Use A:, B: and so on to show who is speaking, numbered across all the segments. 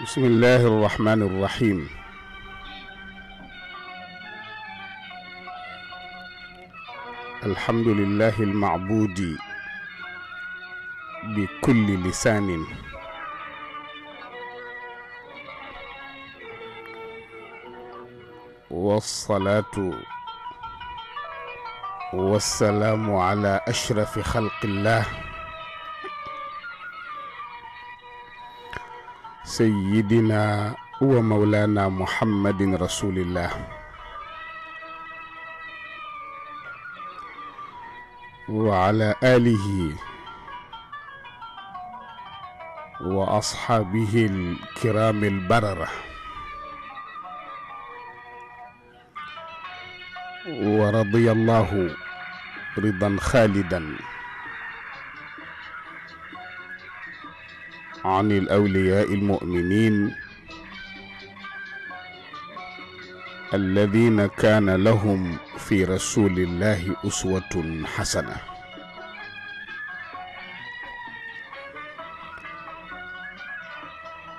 A: بسم الله الرحمن الرحيم الحمد لله المعبود بكل لسان والصلاة والسلام على أشرف خلق الله سيدنا ومولانا محمد رسول الله وعلى آله وأصحابه الكرام البررة ورضي الله رضا خالدا عن الاولياء المؤمنين الذين كان لهم في رسول الله اسوه حسنه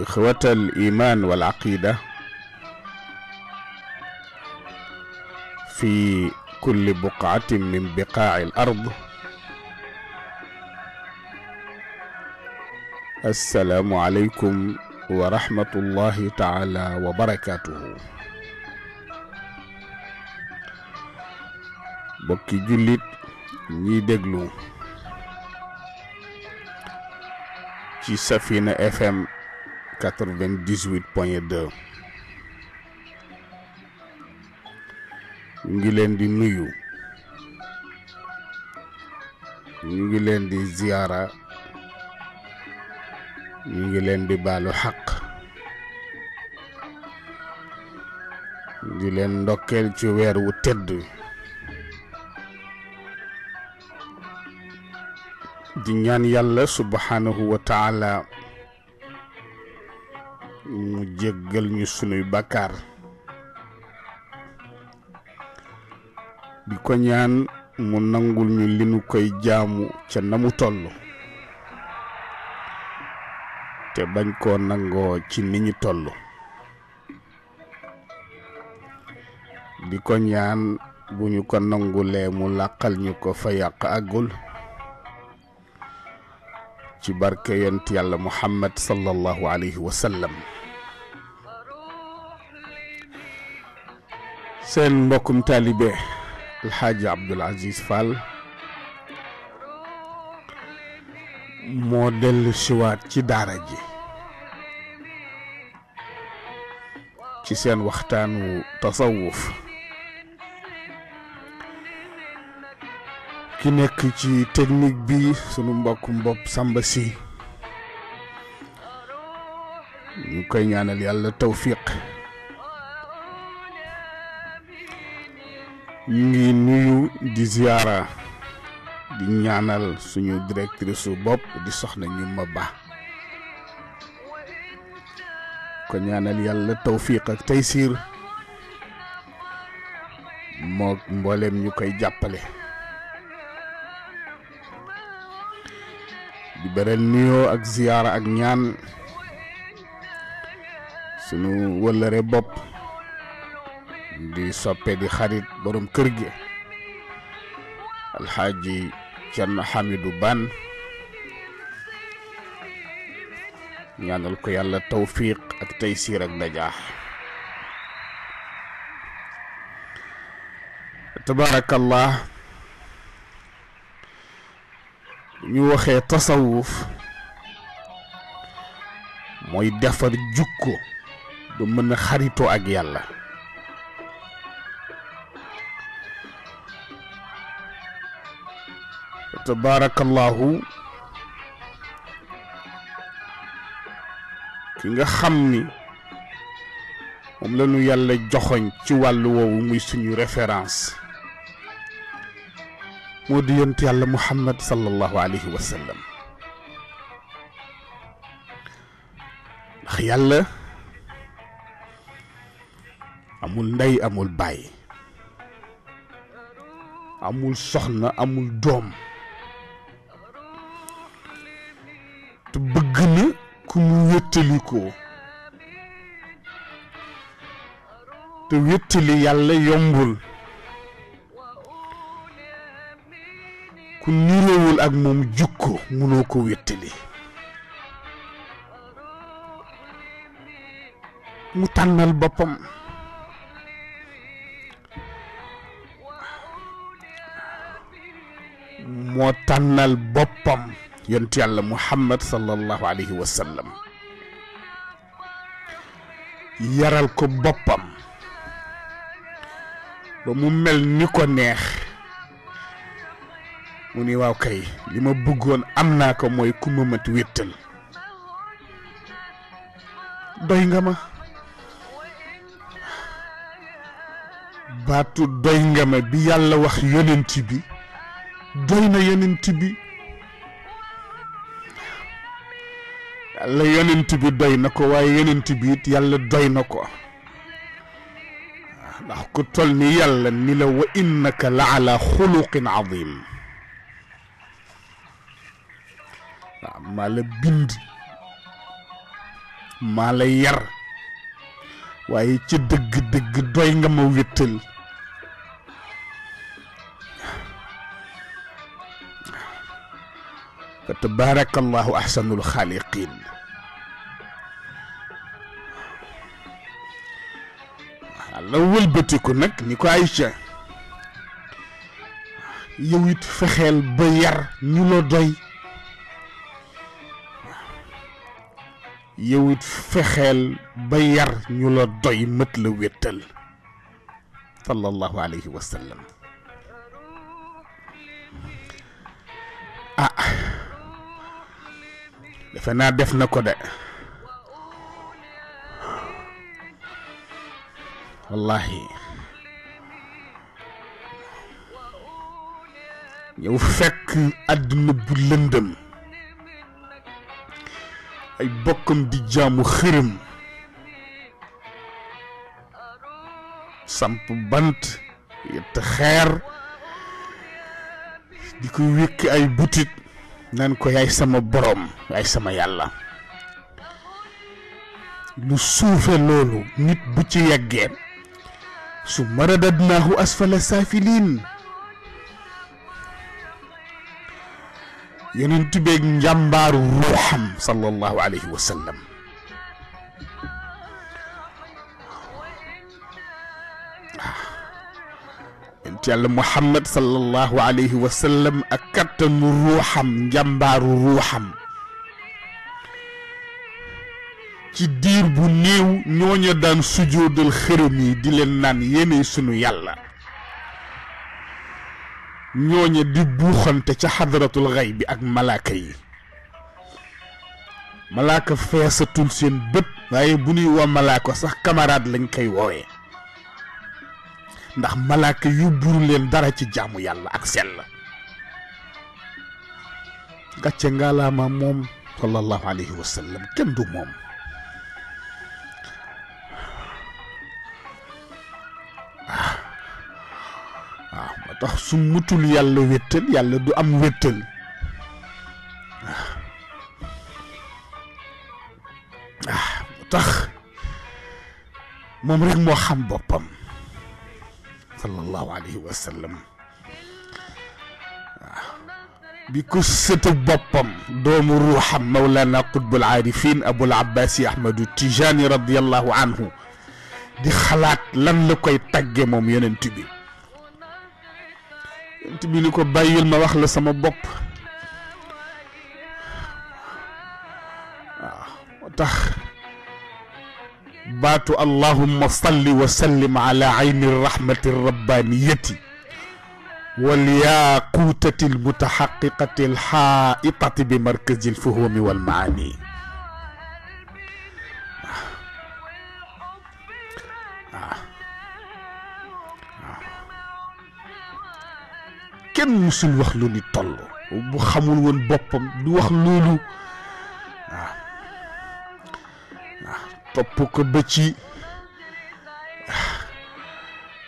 A: اخوه الايمان والعقيده في كل بقعه من بقاع الارض السلام عليكم ورحمة الله تعالى وبركاته بكي جليت ني دغلو تي سفينة اف ام 98.2 ngi len نيو nuyu ngi زيارة ñu ngi leen di baalu xaq di leen ndokkeel ci weer wu tedd di ñaan yàlla subhanahu wa taala mu jéggal ñu sunuy bakkaar di ko ñaan mu nangul ñu li nu koy jaamu ca na mu toll te bañ koo nangoo ci ni ñu toll di ko bu ñu ko nangulee mu làqal ñu ko fa yàq àggul ci barke yont yàlla muhammad sallallahu alayhi wa seen mbokkum taalibe alxaaji abdul aziz fall moo dellu siwaat ci daara ji ci seen waxtaanu tasawuf ki nekk ci technique bi sunu mbokku mbopp Samba si ñu koy ñaanal yàlla tawfiq ñu ngi nuyu di ziyaara di ñaanal suñu directrice su bopp di soxna ñu ma ba ko ñaanal yàlla tawfiq ak taysir moog mboolem ñu koy jàppale di beral nuyo ak ziyaara ak ñaan suñu wëllëre bopp di soppe di xarit borom kër gi alxaaji Cerno Hamidou Ban ñaanal ko yàlla tawfiq ak taysiir ak najaax tabaarakallah ñu waxee tasawuf mooy defar jukko ba mën a xaritoo ak yàlla تبارك الله كيغا خامني موم لا نو يالا جوخوغ سي والو وو موي سونو ريفيرانس مودي ينت يالا محمد صلى الله عليه وسلم اخ يالا امول نداي امول باي امول سخنا امول دوم te bëgg na ku mu wéttalikoo te wéttali yàlla yombul ku niroowul ak moom jukko mënoo ko wéttali mu tànnal boppam moo tànnal boppam yonent yàlla muhammad sallallahu alayhi wa sallam yaral ko boppam ba mu mel ni ko neex mu ni waaw kay li ma bëggoon am naa ko mooy ku ma mat wéttal doy nga ma baatu doy nga ma bi yàlla wax yonent bi doy na bi la yonent bi doy na ko waaye yonent bi it yàlla doy na ko ndax ko toll ni yàlla ni la wa innaka la ala xuluqin azim waaw maa la bind maa la yar waaye ci dëgg-dëgg doy nga ma wéttal فتبارك الله احسن الخالقين الاول بتيكو نك نيكو عايشة يويت فخيل بير نيلو دوي يويت فخيل بير نيلو دوي متل ويتل صلى الله عليه وسلم آه. defe naa def na ko de wallahi ñëw fekk àdduna bu lëndëm ay bokkam di jaamu xërëm samp bant yett xeer di ko wékk ay butit nan ko yaay sama boroom yaay sama yàlla lu suufe loolu nit bu ci yeggee su maradadnaahu asfala saafiliin yonent beeg njàmbaaru ruuxam sallallahu alayhi wa yonent yàlla muhammad sallallahu alayhi wa sallam ak kattanu ruuxam njàmbaaru ruuxam ci diir bu néew ñooña daan sujoodal xërëm yi di leen naan yéene sunu yàlla ñooña di buuxante ca xadaratul xay bi ak malaaka yi malaaka feesatul seen bët waaye bu ñuy woo malaaka sax camarade lañ koy woowee ndax yu buur leen dara ci jaamu yàlla ak sell gàcce ngaalaama moom sallallahu alayhi wa kenn du moom waaw ah, waaw moo tax su mutul yàlla wéttal yàlla du am wéttal waaw ah, waaw moom rek moo xam boppam صلى الله عليه وسلم بكسة بابم دوم روح مولانا قطب العارفين أبو العباس أحمد التجاني رضي الله عنه دي خلات لن لكي تجمم ينتبه ينتبه لكي بايل ما وخل سما باب تخ baatu allahumma salli wa sallim ala ayni rahmati rabbaniyati wal yaaquutati almutaxaqiqati alxaaitati bi markazi alfuhumi wal maani kenn musul wax lu ni toll bu xamul woon boppam du wax loolu waaw topp ko ba ci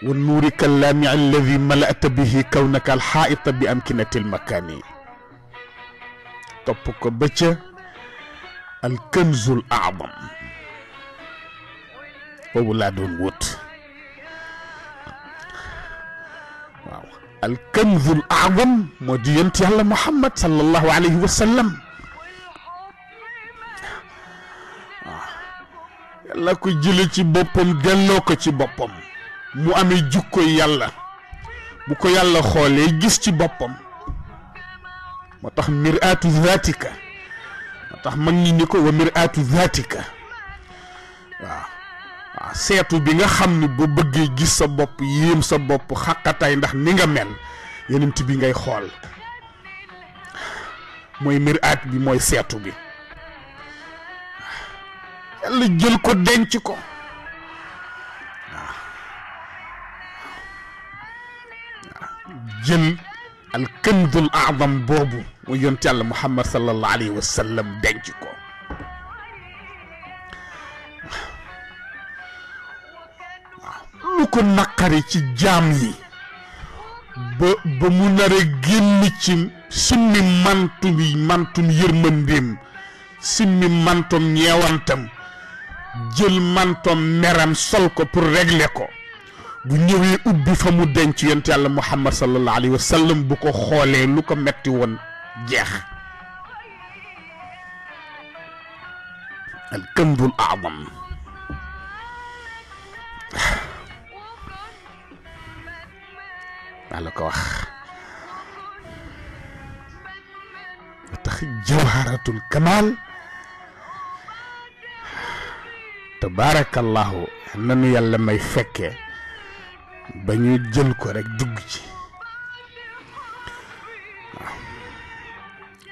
A: wa nuuri kallaami alladi malata bihi kawnaka alxaaita bi amkinati almakaani topp ko ba ca alkanzu alacdam boobu laa doon wut waaw alkanzu alacdam moo di yent yàlla muhammad sallallahu alayhi wa sallam la ko jële ci boppam delloo ko ci boppam mu amee jukkoy yàlla bu ko yàlla xoolee gis ci boppam moo tax miraatu zaatika moo tax mag ñi ni ko wa miraatu zaatika waaw seetu bi nga xam ni bu bëggee gis sa bopp yéem sa bopp xàqataay ndax ni nga mel yenent bi ngay xool mooy miraat bi mooy seetu bi yàlla jël ko denc ko jël al kanzul aadam boobu mu yonent yàlla muhammad sallallahu alayhi wa denc ko waaw lu ko naqari ci jaam yi ba ba mu nar a génn ci mantum yërmandeem summi mantum ñeewantam jël mantom meram sol ko pour régler ko bu ñëwee ubbi fa mu denc yonent yàlla muhammad sallallahu alayhi wa bu ko xoolee lu ko metti woon jeex al kanzul ko wax tax jawharatul kamal tabaarakallahu nanu yàlla may fekkee ba ñu jël ko rek dugg ci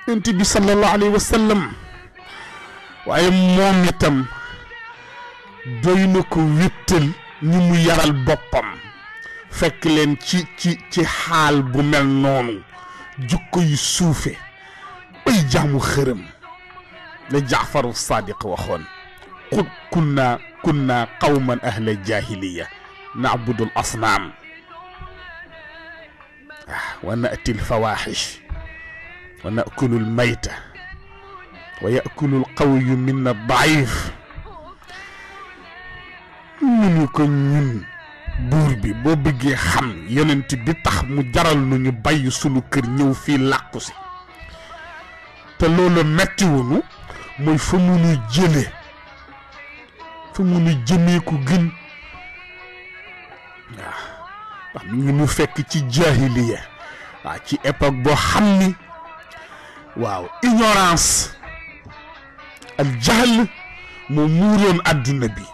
A: yonent bi sallallahu alayhi wa sallam waaye moom itam doy na ko wéttal ñu mu yaral boppam fekk leen ci ci ci xaal bu mel noonu jukko yu suufe bay jaamu xërëm la jaafaru sadiq waxoon قد كنا كنا قوما أهل الجاهلية نعبد الأصنام آه، ونأتي الفواحش ونأكل الميتة ويأكل القوي منا الضعيف من يكون بوربي من بوربي بوبجي خم يننتي بتخ مجرل نوني باي سلو كرنيو في لاكوسي تلولو متي ونو موي فمو ني جيلي fi mu nu jëmee ko gën waaw ndax mi ngi nu fekk ci jahiliya waaw ci époque boo xam ni waaw ignorance ak jahl moo muuroon àdduna bi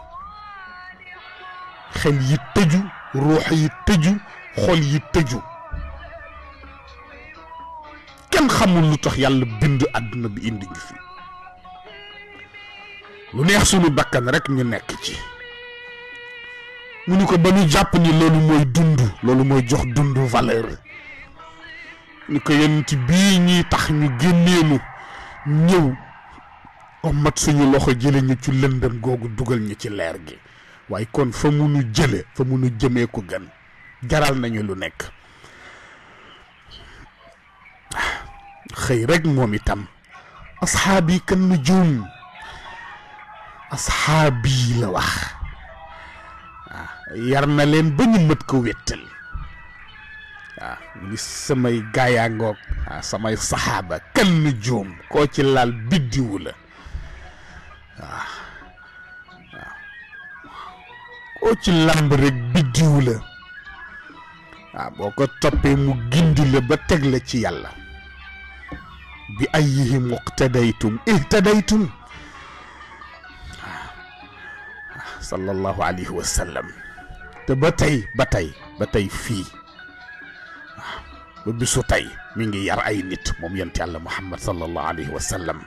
A: xel yi tëju ruux yi tëju xol yi tëju kenn xamul lu tax yàlla bind àdduna bi indi ñu fi lu neex sunu bakkan rek ñu nekk ci mu ñu ko ba ñu jàpp ni loolu mooy dund loolu mooy jox dund valeur ñu ko ci bii ñuy tax ñu génneenu ñëw mat suñu loxo jële ñu ci lëndëm googu dugal ñu ci leer gi waaye kon fa mu nu jële fa mu nu jëmee ko gën jaral nañu lu nekk xëy rekk moom itam asxaabi kan nu juum asxaabi la wax waaw ah, yar na leen ba ñu mët ko wéttal waaw ah, ngi samay gaayaa ngoog waaw ah, samay saxaaba kan nu joom koo ci laal biddiwu la waaw boo ko toppee mu gindi la ba teg la ci yàlla bi ayihim muqtadaytum ihtadaytum sallallahu alayhi wa sallam te ba tey ba tey ba tey fii ba bisu tey mi ngi yar ay nit moom yent yàlla muhammad sallallahu alayhi wa sallam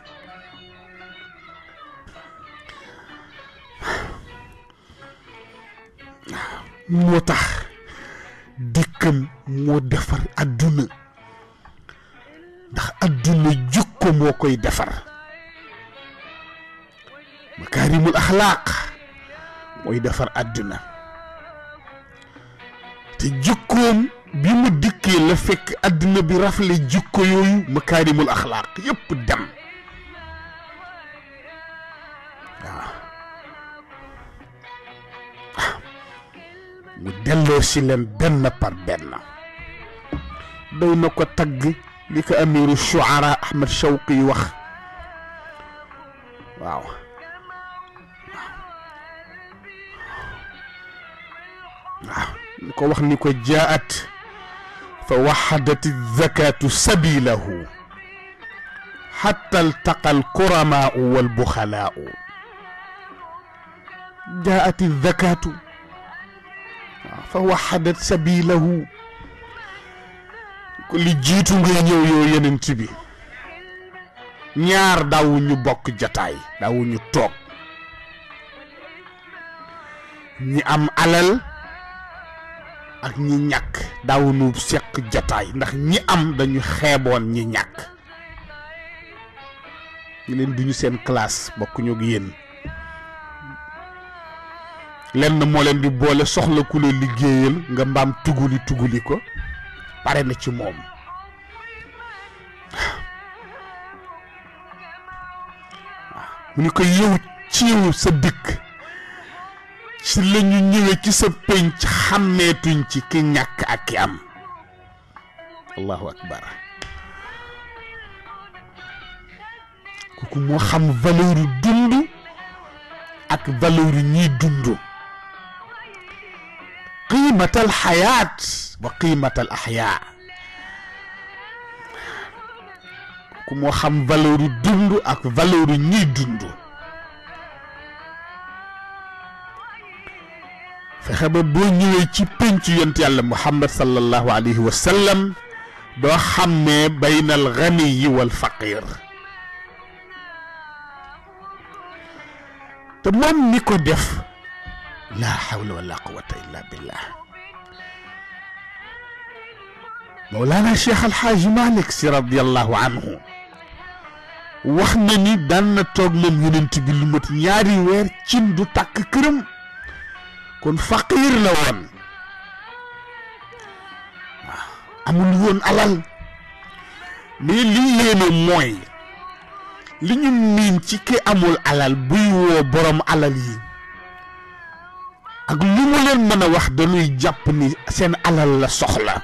A: moo tax dikkam moo defar adduna ndax adduna jukko moo koy defar makaarimul axlaaq mooy defar àddina te jukkoom bi mu dikkee la fekk àddina bi rafle jukko yooyu makaarimul axlaaq yépp dem waaw ah. mu delloo leen benn par benn doy na ko tagg li ko amiru shuara Ahmed Shawqi wax waaw waaw ñu ko wax ni ko jaat fa waxadati zakatu sabilahu xatta altaqa alkuramaau walbuxalaau jaat zakatu fa waxadat sabilahu li jiitu ngay ñëw yow yenent bi ñaar daawuñu bokk jataay daawuñu toog ñi am alal ak ñi ñàkk daawunu seq jataay ndax ñi am dañu xeeboon ñi ñàkk ñi leen duñu seen classe bokkuñu ak yéen lenn moo leen di boole soxla ku la liggéeyal nga mbaam tuguli tuguli ko pare na ci moom waaw mu ni ko yow ciiw sa dëkk ci lañu ñëwee ci sa pénc xàmmeetuñ ci ki ñàkk ak ki am allahu akbar kooku moo xam valeuru dund ak valeuru ñiy dund qiimatal xayaat wa qiimatal axyaa kooku moo xam valeuru dund ak valeuru ñiy dund fexeba bo ñewé ci pénc yent yàlla muhammad sallallahu alayhi wa sallam doo xàmmee baynal ghani wal faqir te mom ni ko def la hawla wala quwwata illa billah مولانا الشيخ الحاج مالك سي رضي الله عنه وخنا ني دان توك toog leen بي bi نياري وير ñaari weer cin du kon faqiir la woon amul woon alal mais li yéeme mooy li ñu miin ci ki amul alal buy woo borom alal yi ak lu mu leen mën a wax dañuy jàpp ni seen alal la soxla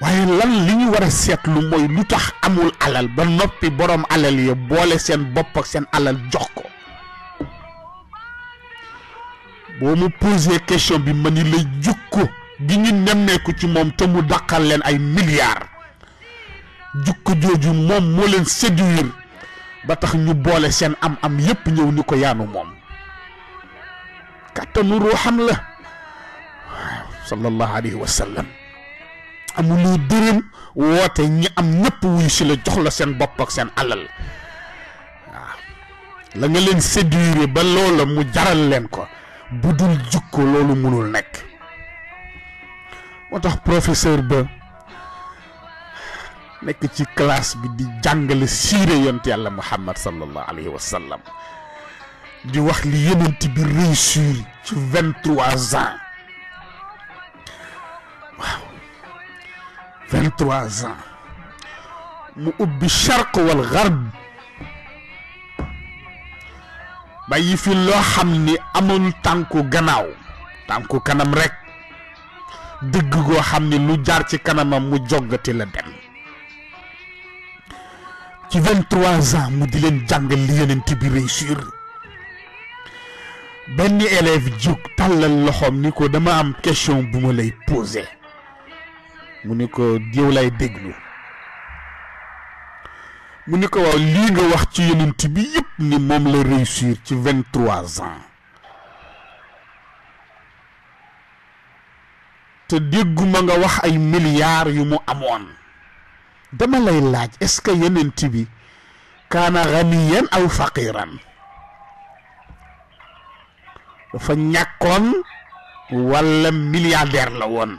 A: waaye lan li war a seetlu mooy lu tax amul alal ba noppi borom alal ya boole seen bopp ak seen alal jox ko boo mu posé question bi ma ni la jukko gi ñu nemmeeku ci moom te mu dàqal leen ay milliards jukko jooju moom moo leen séduire ba tax ñu boole seen am-am yépp ñëw ni ko yaanu moom kàttanu ruuxam la waaw sallallahu alayhi wa sallam woote am ñëpp wuy jox la seen bopp seen alal waaw la nga leen séduire ba loola mu jaral leen ko. bu dul jikko loolu mënul nekk moo tax professeur ba nekk ci classe bi di jàngale siire yont yàlla muhammad sallallahu alayhi di wax li ci vingt trois ans waaw vingt mu ubbi charq wal garb bàyyi fi loo xam ni amul tànku gannaaw tànku kanam rekk dëgg goo xam ni lu jaar ci kanamam mu joggati la dem ci vingt-trois ans mu di leen jàngal li yenent bi réussir benn élève jóg tàllal loxoom ni ko dama am question bu ma lay posé mu ni ko diw lay déglu mu ni ko waaw lii nga wax ci yonent bi yëpp ni moom la réussir ci vingt trois ans te dégguma nga wax ay milliards yu mu amoon dama lay laaj est-ce que yonent bi kaana ganiyan aw faqiran dafa ñàkkoon walla milliardaire la woon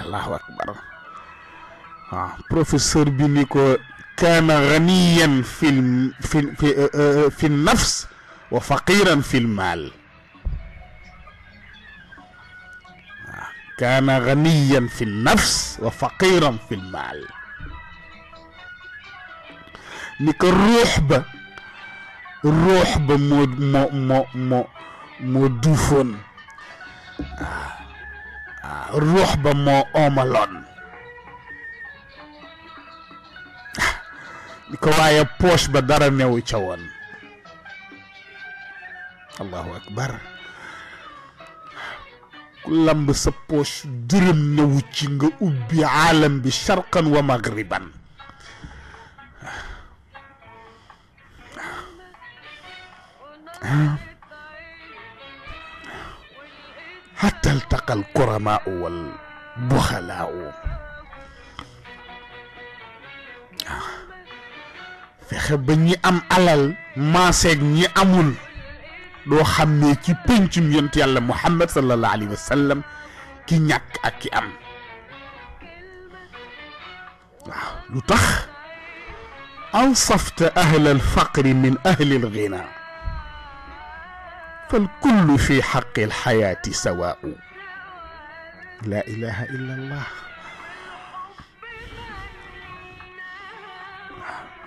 A: allahu akbar بروفيسور بينيكو كان غنيا في في في, في النفس وفقيرا في المال كان غنيا في النفس وفقيرا في المال نيك الروح با الروح با مود مودوفون الروح با مو اوملون ko waaye poche ba dara newu ca woon allahu akbar ku lamb sa poche dërëm newu ci nga ubbi aalam bi sharqan wa maghriban حتى التقى الكرماء والبخلاء fexe ba ñi am alal maaseeg ñi amul doo xàmmee ci péncum yonent yàlla muhammad sallallahu alayhi wa sallam ki ñàkk ak ki am waaw lu tax awsafta ahla alfaqri min ahli alghina فالكل في حق الحياة سواء لا إله إلا الله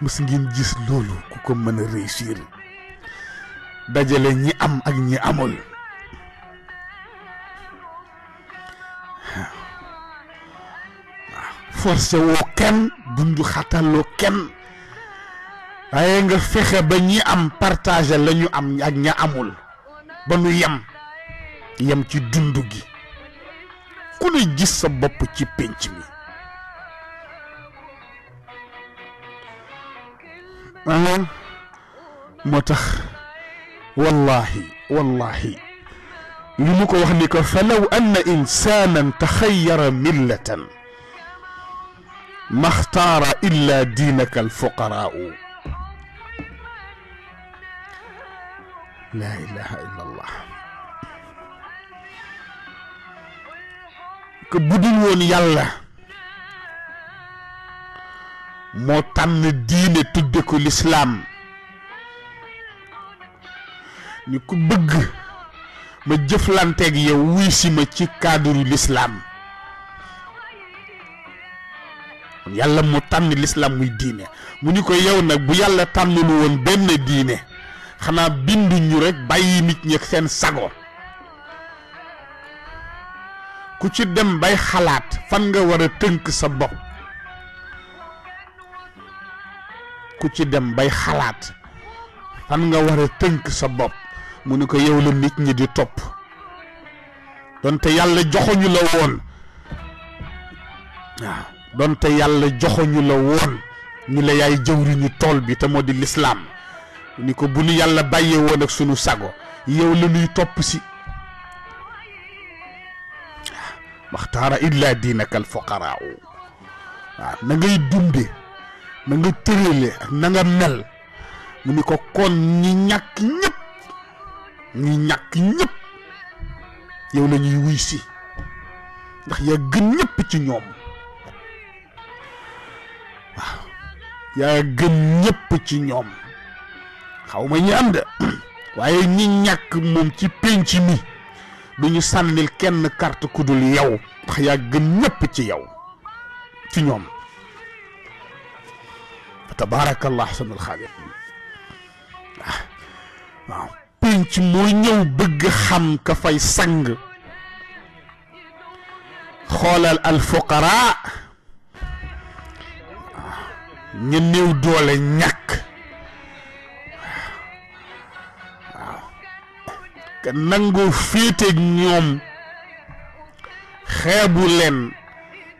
A: mës ngeen gis loolu ku ko mën a réussir dajale ñi am ak ñi amul waaw forcé woo kenn bundu kenn waaye nga fexe ba ñi am partage lañu am ak ña amul ba nu yem yem ci dund gi ku ne gis sa bopp ci pénc mi ها متخ والله والله نيمو كو وخني فلو ان انسانا تخير مله ما اختار الا دينك الفقراء لا اله الا الله كبودين وون يالله moo tànn diine tudde ko lislaam ñu ko bëgg ma jëflanteeg yow wuy si ma ci cadre lislaam yàlla mu tànn lislaam muy diine mu ñu ko yow nag bu yàlla tànnul woon benn diine xanaa binduñu rek bàyyi nit ñi seen sago ku ci dem bay xalaat fan nga war a tënk sa bopp ku ci dem bay xalaat fan nga war a tënk sa bopp mu ni ko yow la nit ñi di topp donte yàlla joxoñu la woon waaw donte yàlla joxoñu la woon ni la yaay jëwriñu tool bi te moo di lislaam ni ko bu nu yàlla bàyyee woon ak sunu sago yow la nuy topp si maxtaara illa diinaka alfuqaraa waaw na dunde na nga tërale ak na nga mel mu ni ko kon ñi ñàkk ñëpp ñi ñàkk ñëpp yow la wuy si ndax yaa gën ñëpp ci ñoom waaw yaa gën ci ñoom xaw ma ñi am de waaye ñi ñàkk moom ci pénc mi du ñu sànnil kenn carte ku dul yow ndax yaa gën ñëpp ci yow ci ñoom tabaarakallah ahsanul xaaliqiin ah, waaw penc moo ñëw bëgg xam ka sang xool alfuqara ah, ñu néew doole ñàkk waaw ka nangoo féeteeg ñoom xeebu leen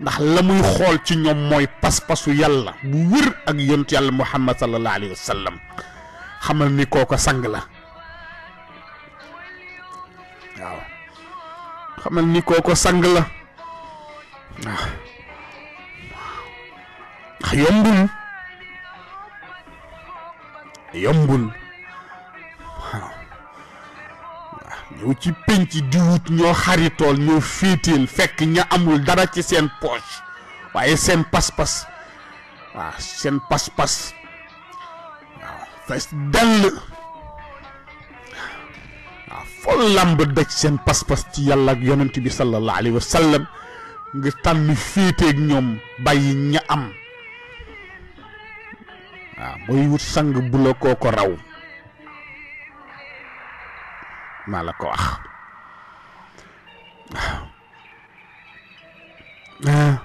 A: ndax la muy xool ci ñoom mooy pas-pasu yàlla bu wër ak yonent yàlla muhammad sallallahu alayhi wa sallam xamal ni kooko sang la waaw xamal ni sang la waaw yombul yombul ci penc di wut ñoo xaritool ñoo féeteel fekk ña amul dara ci seen poche waaye seen pas-pas waaw seen pas-pas waaw fes dell waaw foo làmb daj seen pas-pas ci yàlla ak yonent bi sallallahu alayhi ngir sallam nga ñoom bàyyi ña am waaw mooy wut sang bu la koo ko raw maa la ko wax waaw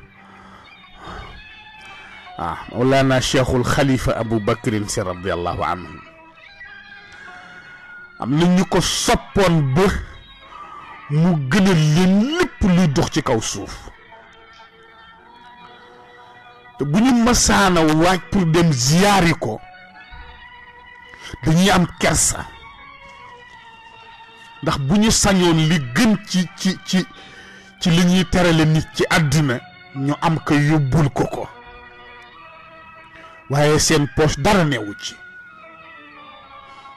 A: ah mawlaana cheikhul xalifa abou bacrin si radiallahu anhu am na ñu ko soppoon ba mu gënal leen lépp luy dox ci kaw suuf te bu ñu masaana waaj pour dem ziyaari ko dañuy am kersa ndax bu ñu sañoon li gën ci ci ci ci li ñuy terale nit ci àddina ñu am ko yóbbul ko ko waaye seen poche dara newu ci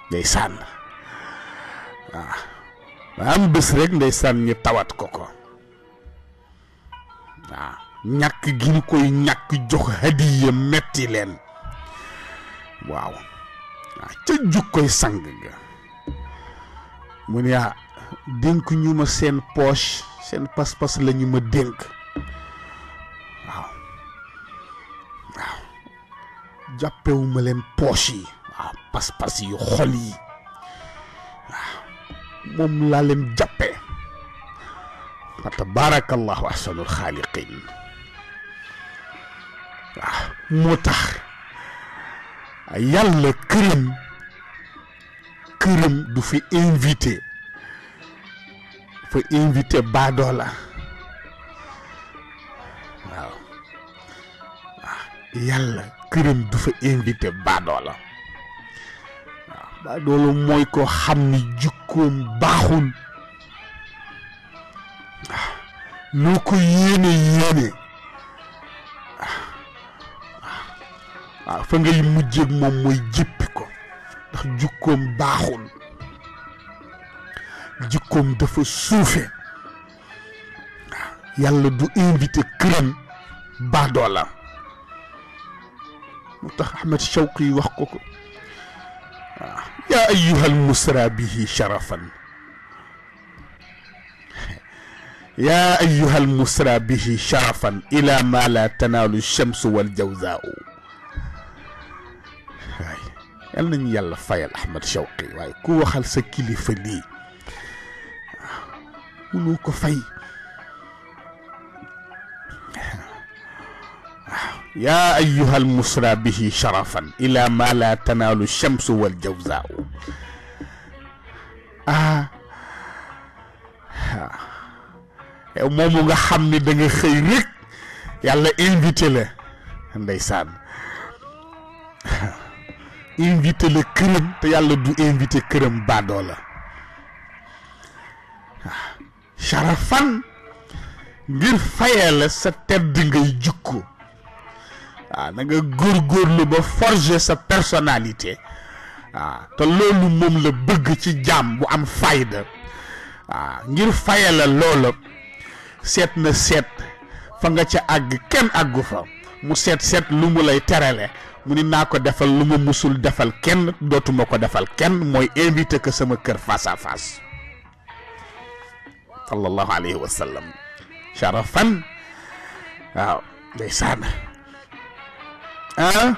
A: ndey sànn waaw ba am bés rek ndey sànn ñu tawat ko ko waaw ñàkk gi ñu koy ñàkk jox hadiya metti leen waaw waaw ca jug koy sang ga mu ne ah dénk ñu ma seen poche seen pas-pas la ma dénk waaw waaw jàppewu leen poche yi waaw pas-pas yu xol yi waaw moom laa leen jàppe fa tabaarakallahu ahsanul xaaliqin waaw moo tax yàlla kërim këram du fi invité fa invité baadoola waaw ah, yàlla këram du fa invité baadoola waaw baadoola mooy koo xam ni jukkoom baaxul waaw ah, noo ko yéene yéene ah, waaw fa ngay mujjee moom mooy jéppi ko ndax jukkoom baaxul jikkoom dafa suufe yàlla du invité këram baadoola moo tax ahmed shawqi wax ko ko يا أيها المسرى به شرفا يا أيها المسرى به شرفا إلى ما لا تنال الشمس والجوزاء yàlla nañu yàlla fayal Ahmed Shawqi waaye ku waxal sa kilifa lii waaw mënoo ko fay waaw yaa ayuha almusra bihi sharafan ila ma la tanaalu shamsu wal jawzaau ah moomu nga xam ni da nga xëy rek yàlla invité la ndeysaan invité la këram te yàlla du invité këram bado la waaw ah, sarafan ngir fayee la sa tedd ngay jukko waaw ah, na nga góorgóorlu ba forger sa personalité waaw ah, te loolu moom la bëgg ci jaam bu am fayda waaw ngir fayee la loola seet na seet fa nga ca àgg kenn àggu fa mu seet seet lu mu lay terale mu ni naa ko defal lu ma musul defal kenn dootuma ko defal kenn mooy invité que sama kër face à face sallallahu alayhi wa ah?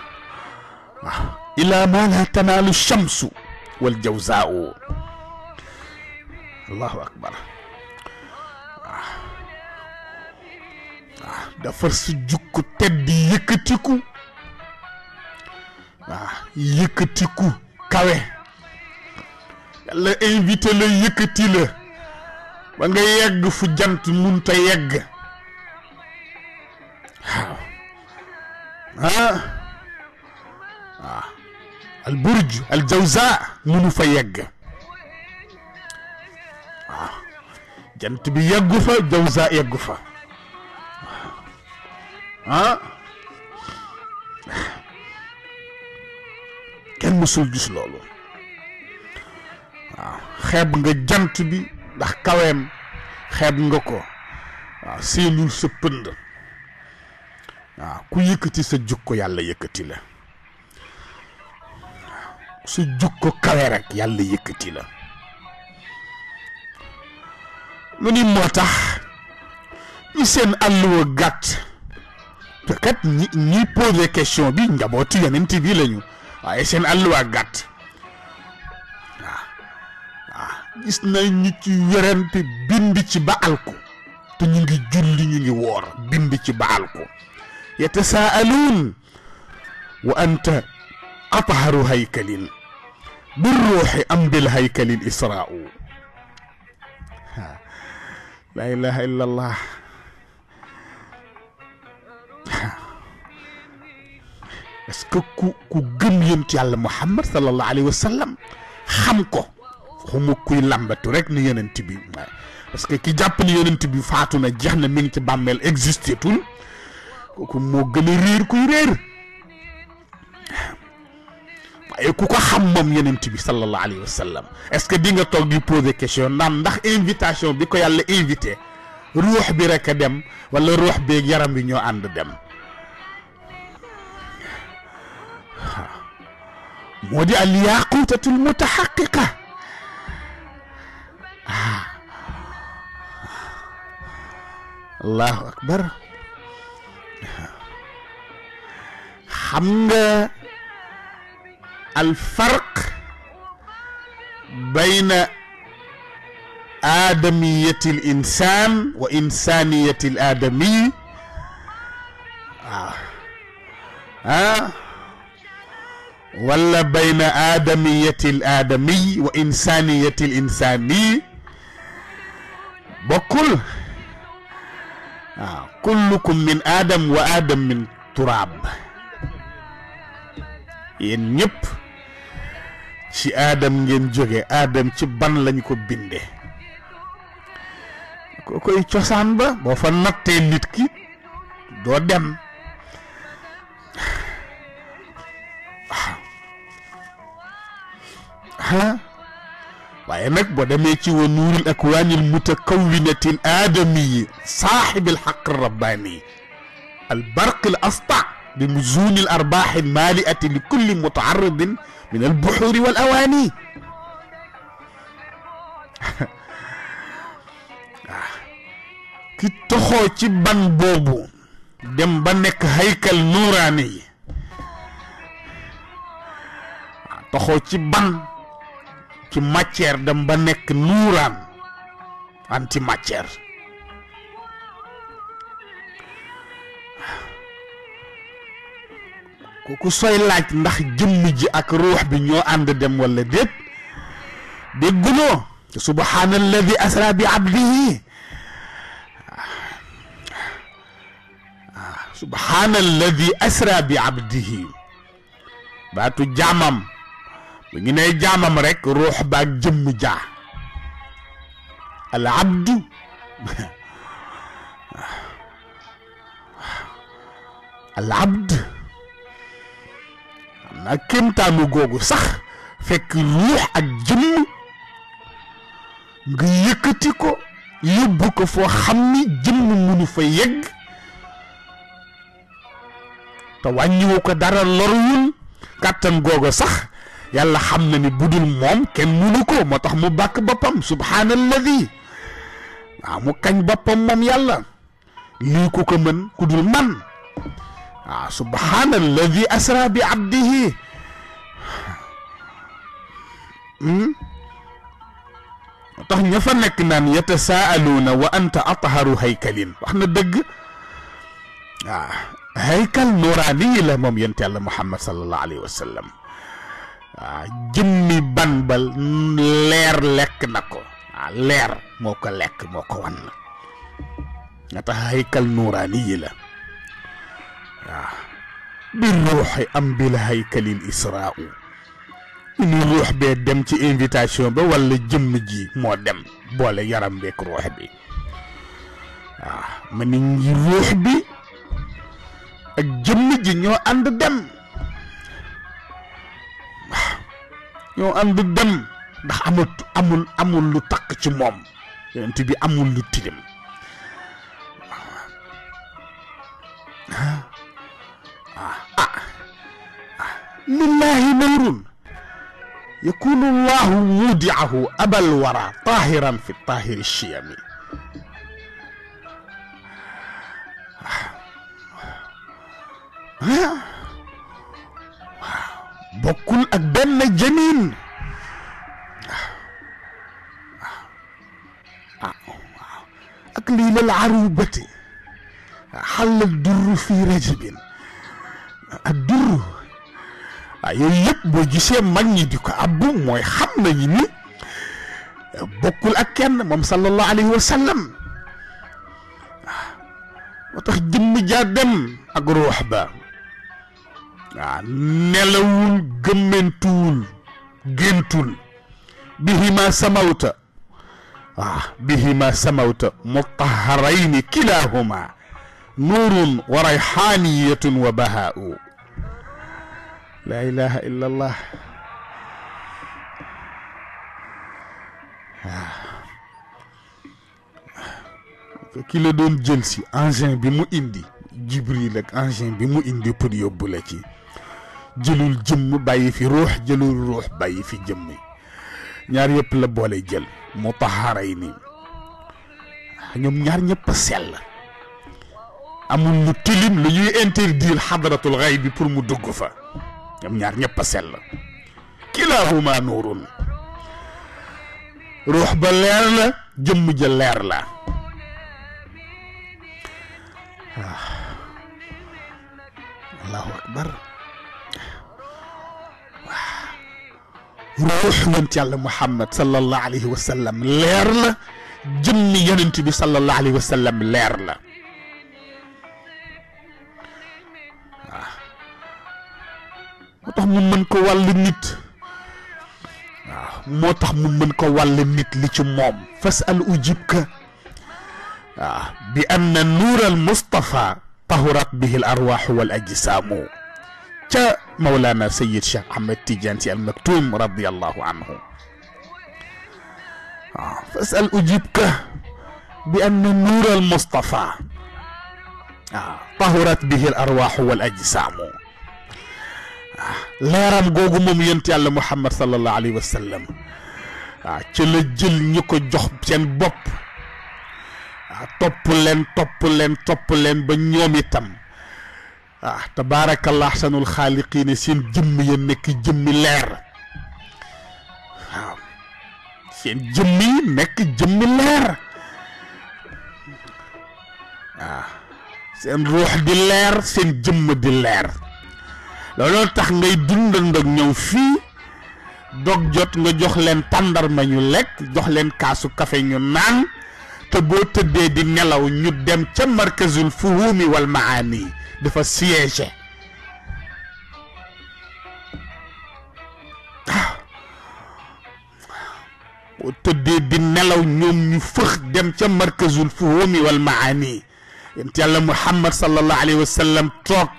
A: allahu akbar dafa su jukku tedd yëkkatiku waaw ah, yëkkatiku kawe yàlla invité la yëkkati la ba nga yegg fu jant munta yegg waaw ah. Ah. al burj al jawza munu fa yegg waaw jant bi yeggu fa jawza yeggu fa ah kenn mësul gis loolu waaw xeeb nga jant bi ndax kaweem xeeb nga ko waaw séenul sa pënd waaw ku yëkkati sa jukko yàlla yëkkati la sa jukko yàlla yëkkati la lu ni moo tax ñi seen àlluwa gàtt te ñi ñi posé question bi njabootu yonent bi lañu waaye seen àlluwaa gàtt na ñu ci werante bind ci ba julli ñu woor bind ci ba alku yatasaaluun wa anta atharu haykalin بالروح أم بالهيكل الإسراء لا إله إلا parce que ku ku gëm yonent yàlla Muhammad sallallahu alayhi wa sallam xam ko xumu kuy làmbatu rek ni yonent bi parce que ki jàpp ni yonent bi faatu na jeex na mi ngi ci bàmmeel existé tul kooku moo ku ko xam moom yonent bi sallallahu alayhi wa sallam est-ce que di nga toog di poser question naan ndax invitation bi ko yàlla invité ruux bi rek a dem wala ruux beeg yaram bi ñoo ànd dem. ودي اللياقوتة المتحققة آه. الله أكبر حمد الفرق بين آدمية الإنسان وإنسانية الآدمي آه. آه. walla bayna aadamiyati l aadamiy wa insaniyati l bokkul waaw ah, min aadam wa aadam min turaab yéen ñëpp ci aadam ngeen jóge aadam ci ban lañ ko binde ko koy cosaan ba boo fa nattee nit ki doo dem ah, ها وعينك بدمتي ونور الأكوان المتكونة الادمي صاحب الحق الرباني البرق الأسطع بمزون الأرباح المالئة لكل متعرض من البحور والأواني كي toxoo ci بان بوبو دم بانك هيكل نوراني nuuraane yi بان ci matière dem ba nekk nuuraan anti matière ku ku laaj ndax jëmm ji ak ruux bi ñoo ànd dem walla déet déggunoo subhaanalladi asra bi abdihi subhaanalladi asra bi abdihi baatu jaamam bu ñu nee jaamam rek ruux baak jëmm jaa al abdu al abd naa kéemtaanu googu sax fekk ruux ak jëmm nga yëkkati ko yóbbu ko foo xam ni jëm mënu fa yegg te wàññiwu ko dara lorwul kàttan googu sax يالا خامنا ني بودول موم كين مونوكو موتاخ مو باك بوبام سبحان الذي مو كاج بوبام موم يالا لي كوكا من كودول مان سبحان الذي اسرى بعبده تخ نيفا نيك نان يتساءلون وانت اطهر هيكل واخنا دغ هيكل نوراني لا موم ينتال محمد صلى الله عليه وسلم waaw ah, jëmmi ban ba leer lekk na ko waaw ah, leer moo ko lekk moo ko wan nga tax haykal nuuraani yi la waaw ah, bi ruuxi am bi la haykalil israa ñu ruux bee dem ci invitation ba walla jëmm ji moo dem boole yaram beeg ruux bi waaw ma ni ruux bi ak jëmm ji ñoo ànd dem waaw ñoo ànd dem ndax amul amul amul lu takk ci moom yonent bi amul lu tilim ah ah, ah lillahi nuurun yakunu llahu mudiahu abal wara tahiran fi tahiri chiyami ah, ah bokkul ak benn jëmin waaw waaw ak lii lal arubati xàllal durru fii rajabin ak durru waaw yooyu yëpp boo gisee mag di ko abbu mooy xam nañu ni bokkul ak kenn moom sallallahu alayhi wa sallam waaw moo tax jëmm jaa dem ak ruux ba waaw nelawul gëmmentuwul géntul bihima samawta waaw bihima samawta mutahharayni kilahuma nuurun wa rayhaniyatun wa bahaa'u laa ilaha illa allah waaw ki la doon jël si engin bi mu indi jibril ak engin bi mu indi pour yóbbu la ci jëlul jëmm bàyyi fi ruux jëlul ruux bàyyi fi jëmm ñaar yëpp la boole jël mu taxaara yi nii ñoom ñaar ñëpp sell amul lu tilim lu ñuy interdire xadratul xay bi pour mu dugg fa ñoom ñaar ñëpp sell kilaahuma nuurun ruux ba leer la jëmm ja leer la waaw ah. allahu akbar روح يونت يالله محمد صلى الله عليه وسلم ليرلا جن يونت بي صلى الله عليه وسلم ليرلا موتاخ مو من كو وال نيت موتاخ مو من كو وال نيت لي تي موم فاسال اجيبك بان نور المصطفى طهرت به الارواح والاجسام ca Mawlana Sayyid Cheikh Ahmed Tidiane Sy Al Maktoum radiyallahu anhu waaw fasal ujibka bi anna nuur al Mustafa waaw tahurat bihi al arwaaxu wal ajsaamu waaw leeram googu moom yent yàlla Muhammad sallallahu alayhi wa sallam waaw ci la jël ñi ko jox seen bopp waaw topp leen topp leen topp leen ba ñoom itam ah tabaarakallah ahsanul xaaliqiine seen jëmm ya nekk jëmmi leer waaw seen jëmm yi nekk jëmmi leer ah, seen ruux di leer seen jëmm di leer looloo tax ngay dund dundandoog ñëw fii dog jot nga jox leen tàndarma ñu lekk jox leen kaasu kafe ñu naan te boo tëddee di nelaw ñu dem ca markazul fuhumi wal maani دفا السياجة وتدي دي نلاو نيوم نفخ دم تا مركز صلى الله عليه وسلم توك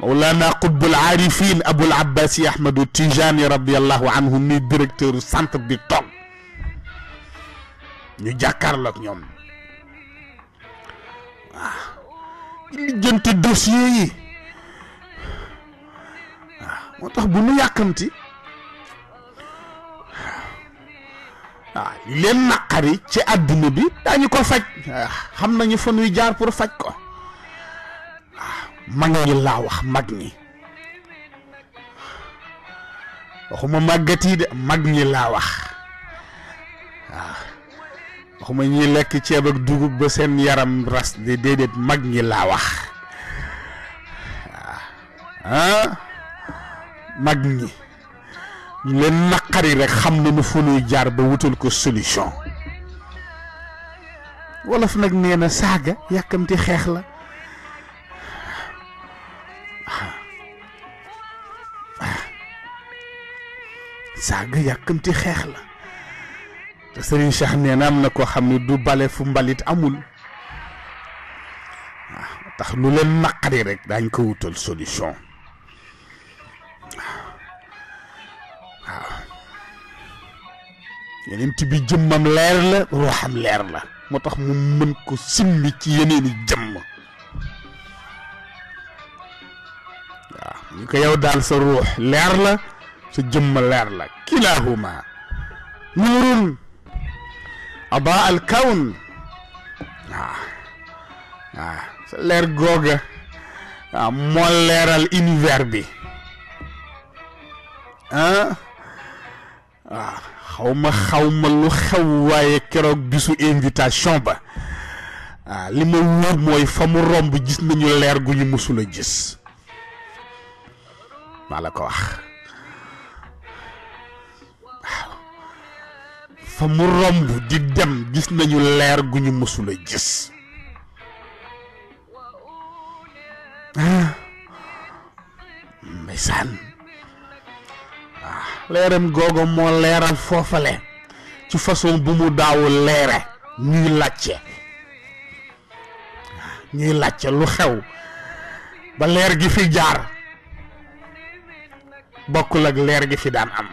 A: مولانا قطب العارفين ابو العباس احمد التيجاني رضي الله عنه ني ديريكتور سانت دي توك ني جاكارلوك نيوم lijjanti dossier yi waaw moo tax bu nu yàkkanti waaw leen naqari ci àdduna bi ñu ko faj xam nañu fa nuy jaar pour faj ko mag ñi laa wax mag ñi waxuma màggat yi de mag ñi laa wax waaw waxuma ñi lekk ceeb ak dugub ba seen yaram ras di déedéet mag ñi laa wax ah? mag ñi ñu leen naqari rek xam nañu fu nuy jaar ba wutal ko solution wolof nag nee na saaga yàkkamti xeex la ah. Ah. saaga yàkkamti xeex la te Serigne Cheikh nee na am na koo xam ne du bale fu mbalit amul waaw tax lu leen naqari rek daañ ko wutal solution waaw yeneen bi jëmmam leer la ruuxam leer la moo tax mu mën ko simmi ci yeneeni jëmm waaw ñu ko yow daal sa ruux leer la sa jëmm leer la kilaahuma nuurun أضاء الكون waaw sa leer googa waaw moo leeral univers bi ah waaw xaw ma xaw ma lu xew waaye keroog bisu invitation ba waaw ah, li ma wóor mooy fa mu romb gis nañu leer fa mu romb di dem gis nañu leer gu ñu mësula gis ndeysaan waaw ah, leeram googu moo leeral foofale ci façon bu mu daawul leere ñuy làcce ah, ñuy làcce lu xew ba leer gi fi jaar bokkul ak leer gi fi daan am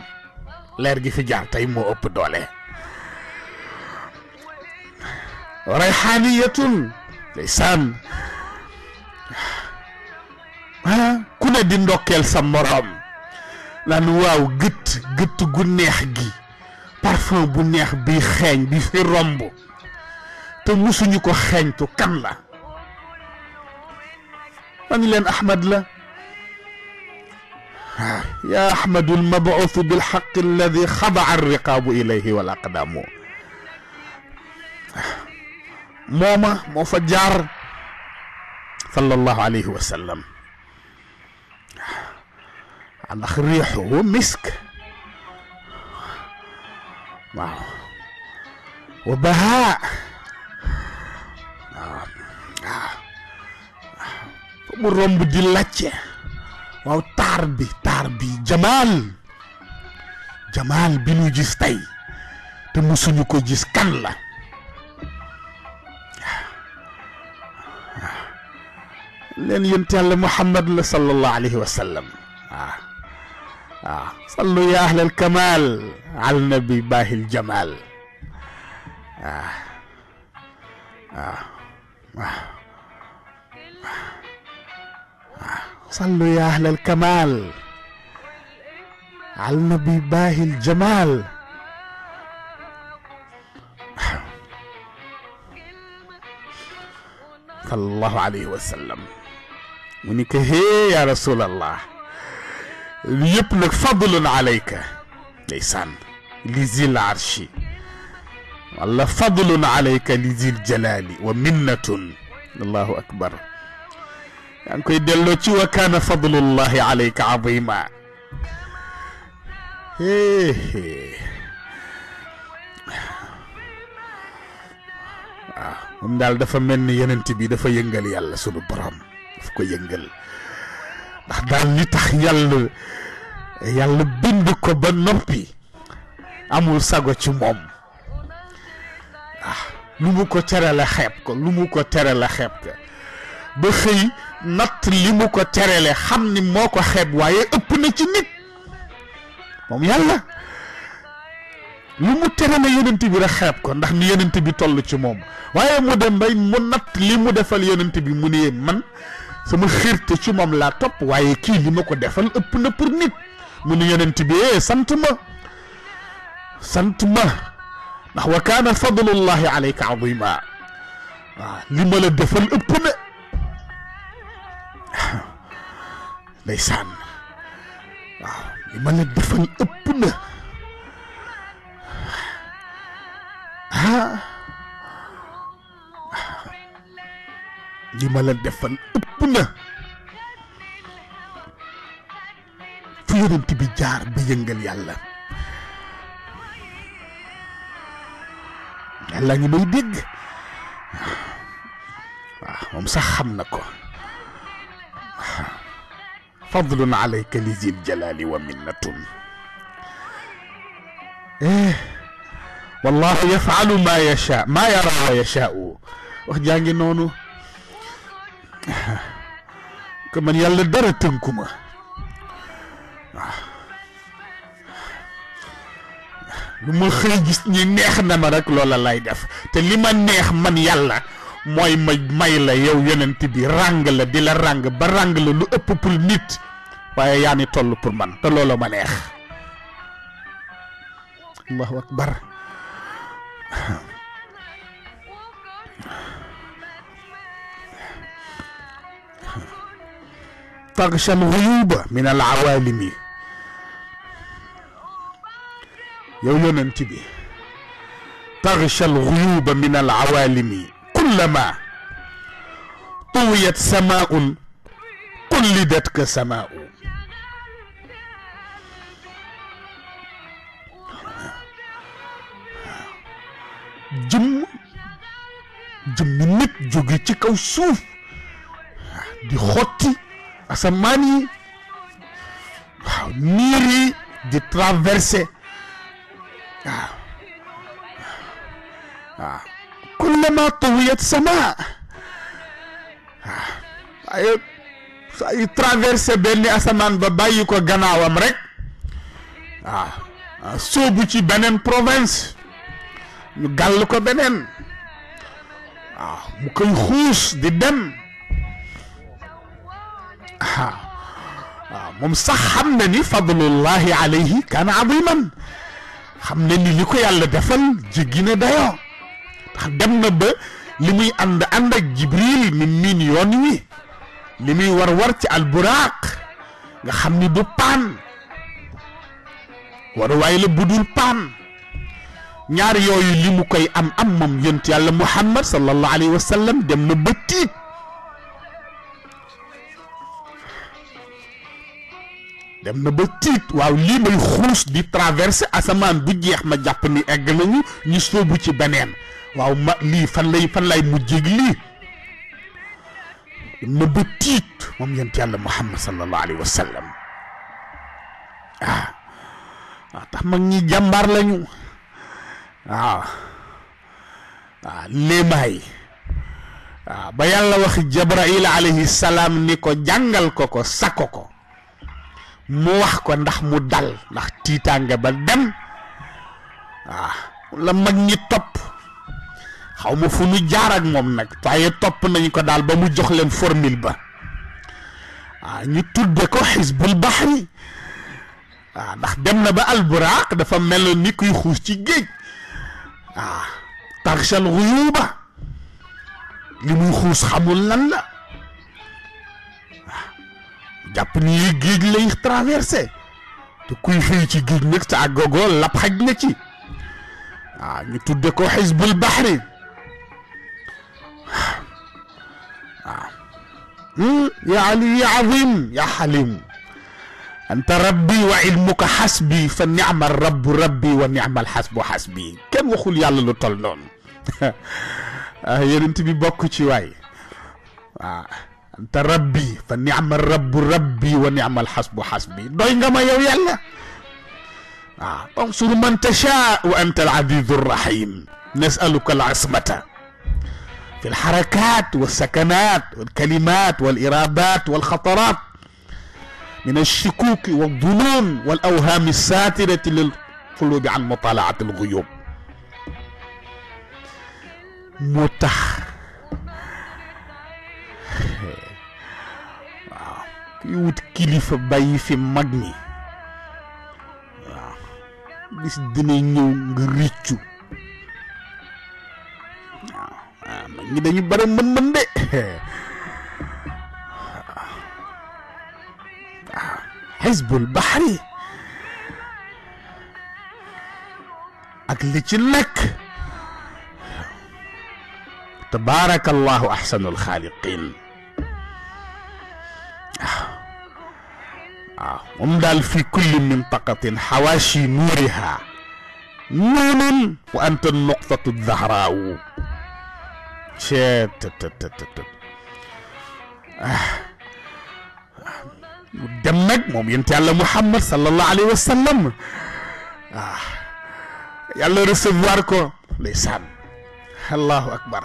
A: leer gi fi jaar tey moo ëpp doole ريحانية لسان ها كنا دين نوكيل سامورام لا نواو غت غت غو نيه غي بي خين بي في رومبو تو موسو نيكو خين تو كان لا ماني لين احمد لا يا احمد المبعوث بالحق الذي خضع الرقاب اليه والاقدام mooma moo fa jaar sallallahu alayhi wa sallam waaw ah, ndax riixuhu misk waaw wa bahaa waaw waaw ah. mu romb di lacce waaw taar bi taar bi jamaal jamaal bi ñu gis tey te musuñu ko gis leen yonent yàlla muhammad la sallallahu alayhi wa sallam waaw waaw sallu ya ahlal kamal al nabi baahil jamal waaw waaw waaw waaw sallu ya ahlal kamal al nabi baahil jamal sallallahu alayhi wa sallam منك هي يا رسول الله يبلغ فضل عليك ليسان لذي العرش والله فضل عليك لذي الجلال ومنة الله أكبر يعني يدلوك وكان فضل الله عليك عظيما هي إيه. هي. آه. من دال دفا من ينتبي دفا ينجل يالله daf ko yëngal ndax daal li tax yàlla yàlla bind ko ba noppi amul sago ci moom ah lu mu ko tere la xeeb ko lu mu ko tere la xeeb ko ba xëy natt li mu ko terele xam ni moo ko xeeb waaye ëpp na ci nit moom yàlla lu mu terele yonent bi rek xeeb ko ndax ni yonent bi toll ci moom waaye mu dem bay mu natt li mu defal yonent bi mu ne man sama xiirte ci moom laa topp waaye kii li ma ko defal ëpp na pour nit mu ne yonent bi sant ma sant ma ndax wa kaana fadlullahi alayka adima waaw li ma la defal ëpp na ndeysaan waaw li ma la defal ëpp na ah li ma defal ëpp na fu bi jaar ba yëngal yàlla yàlla ngi may dégg waaw moom xam na ko waaw fadlun li zil jalali wa minnatun eh wallahu yafalu ma yasha ma yara wa yashau noonu que man yàlla dara tënku ma lu ma xëy gis ñi neex na ma rek loola lay def te li ma neex man yàlla mooy ma may la yow yonent bi ràng la di la ràng ba ràng la lu ëpp pour nit waaye yaa ni toll pour man te loola ma neex allahu akbar طغش الغيوب من العوالم يو انتبه طغش الغيوب من العوالم كلما طويت سماء قلدتك سماء جم جم nit جوغي تي كاو سوف دي خوتي asamaan yi waaw niir yi di traversé waaw waaw kullama tawiyat sama waaw waaye saa yu asamaan ba bàyyi ko gannaawam rek waaw sóobu ci beneen province ñu gàll ko beneen waaw mu koy xuus di dem sax xam na ni fadlullahi alayhi kaana aziman xam na ni li ko yàlla defal jéggi na dayoo ndax dem na ba li muy ànd ànd ak jibril mi miin yoon wi li muy war war ci budul paan ñaar yooyu li koy am am moom yonent yàlla muhammad sallallahu alayhi wasallam sallam dem na ba dem na ba tiit waaw lii may xuus di traversé asamaan bu jeex ma jàpp ni egg nañu ñu sóobu ci beneen waaw ma lii fan lay fan lay mujjee lii dem na ba tiit moom yent yàlla muhammad sallallahu alayhi wa waaw ah, ah, mag ñi jàmbaar lañu ah, léemaay ba yàlla wax Jabrail alayhi salaam ni ko jàngal ko ko sakko ko. mu wax ko ndax mu dal ndax tiitaange ba dem waaw la mag ñi topp xaw ma fu nu jaar ak moom nag waaye topp nañ ko daal ba mu jox leen formule ba waaw ñu tudde ko xisbul baxri waaw ndax dem na ba alburaaq dafa meloon ni kuy xuus ci géej waaw tarchal xuyuuba li muy xuus xamul lan la japp ni geej lay traverser te kuy xey ci geej nak ci agogo lap xaj na ci ah ñu tuddé ko hizbul bahri يا علي يا عظيم يا حليم أنت ربي وعلمك حسبي فنعم الرب ربي ونعم الحسب حسبي كم وخل يا الله تلون يا رنتي بوكو تشي واي آه. انت ربي فنعم الرب ربي ونعم الحسب حسبي دوي نغما يو يالا انصر آه، من تشاء وانت العزيز الرحيم نسالك العصمه في الحركات والسكنات والكلمات والارادات والخطرات من الشكوك والظنون والاوهام الساتره للقلوب عن مطالعه الغيوب متح wut kilifa bàyyi fi mag ñi waaw bis dina ñëw nga rëccu waaw waaw mag ñi dañu bare mën-mën de waaw xisbul baxri ak li ci nekk tabaarakallahu axsanul xaaliqin waaw أمدال آه. في كل منطقة حواشي نورها نون وأنت النقطة الزهراء دمك موم ينتي على محمد صلى الله عليه وسلم آه. يلا رسولك ليسان الله أكبر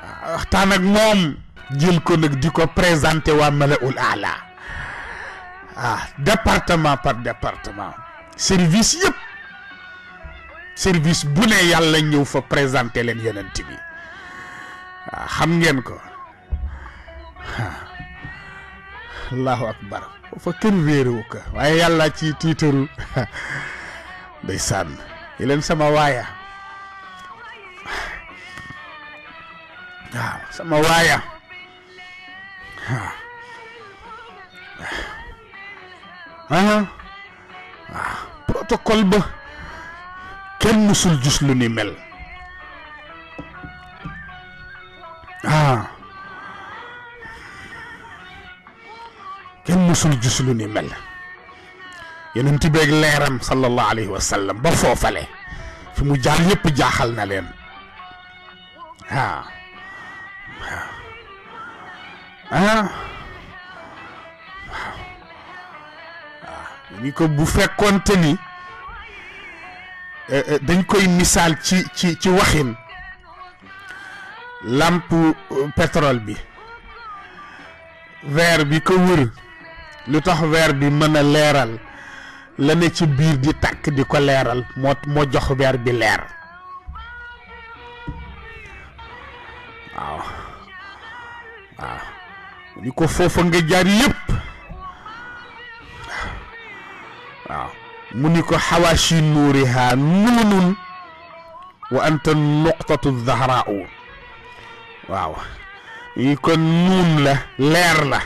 A: آه. اختانك موم جيلكو نك بريزانتي وملئو الأعلى ah département par département service yëpp service bu ne yàlla ñëw fa présenté leen yonent bi waaw ah, xam ngeen ko allahu akbar fa kenn réeréwu ko waaye yàlla ci tiitaru day sànn yi leen sama waaya waaw ah, sama waaya ah. ah protocole ba kenn musul gis lu ni mel ah kenn musul gis lu ni mel yeneen tibeeg leeram sallallahu alayhi wa sallam ba foofale fi mu jaar yépp jaaxal na leen ah ah, ah. ni ko bu fekkoonte ni eh, eh, dañ koy misaal ci ci ci waxin làmp euh, pétrole bi weer bi ko wër lu tax weer bi mën a leeral la ne ci biir di tàkk di ko leeral moo moo jox verre bi leer waaw waaw ni ko foofa nga jaar yépp waaw mu ni ko xawaashi nuuriha nuunun wa anta nuqtatu zahraa waaw yi kon nuun la leer la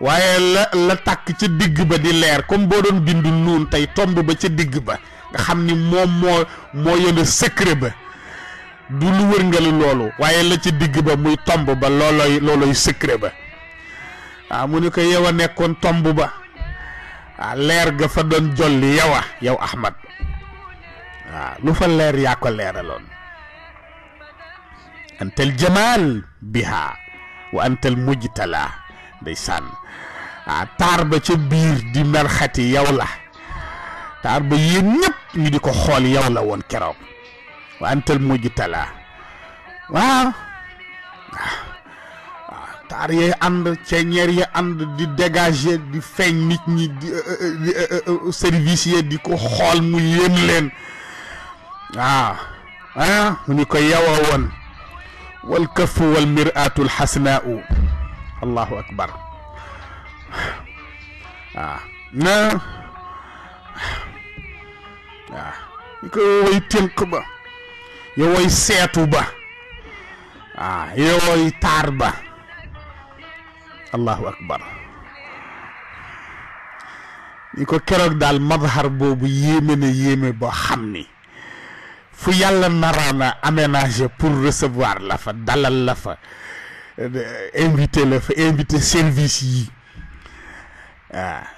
A: waaye la la tàkk ca digg ba di leer comme boo doon bind nuun tey tomb ba ca digg ba nga xam ni moom moo moo yënd secret ba du lu wërngalu loolu waaye la ca digg ba muy tomb ba looloy looloy ba waaw mu ni ko yow a nekkoon tomb ba Ah, leer ga fa doon jolli yow ah yow Ahmad ah, lu fa leer yaa ko leeraloon antal jamaal biha wa antal mujtala ndeysaan ah taar ba ca biir di merxati yow la taar ba yéen ñëpp ñu di ko xool yow la woon keroog wa antal mujtala waaw ah. taar yay ànd ceeñeer ya ànd di dégager di feeñ nit ñi di service ya di ko xool mu yéem leen waaw ah mu ni ko yawa woon wal kafu wal miraatu alxasnaau allahu akbar waaw na waaw ni ko yowooy tënk ba yowooy seetu ba waaw yowooy taar ba الله أكبر نيكو كيروك دال مظهر بوبو ييمنا ييمي بو خمني فو يالا نرانا أميناجة بور رسبوار لفا دالال لفا انفيتي لفا انفيتي سيرفيس يي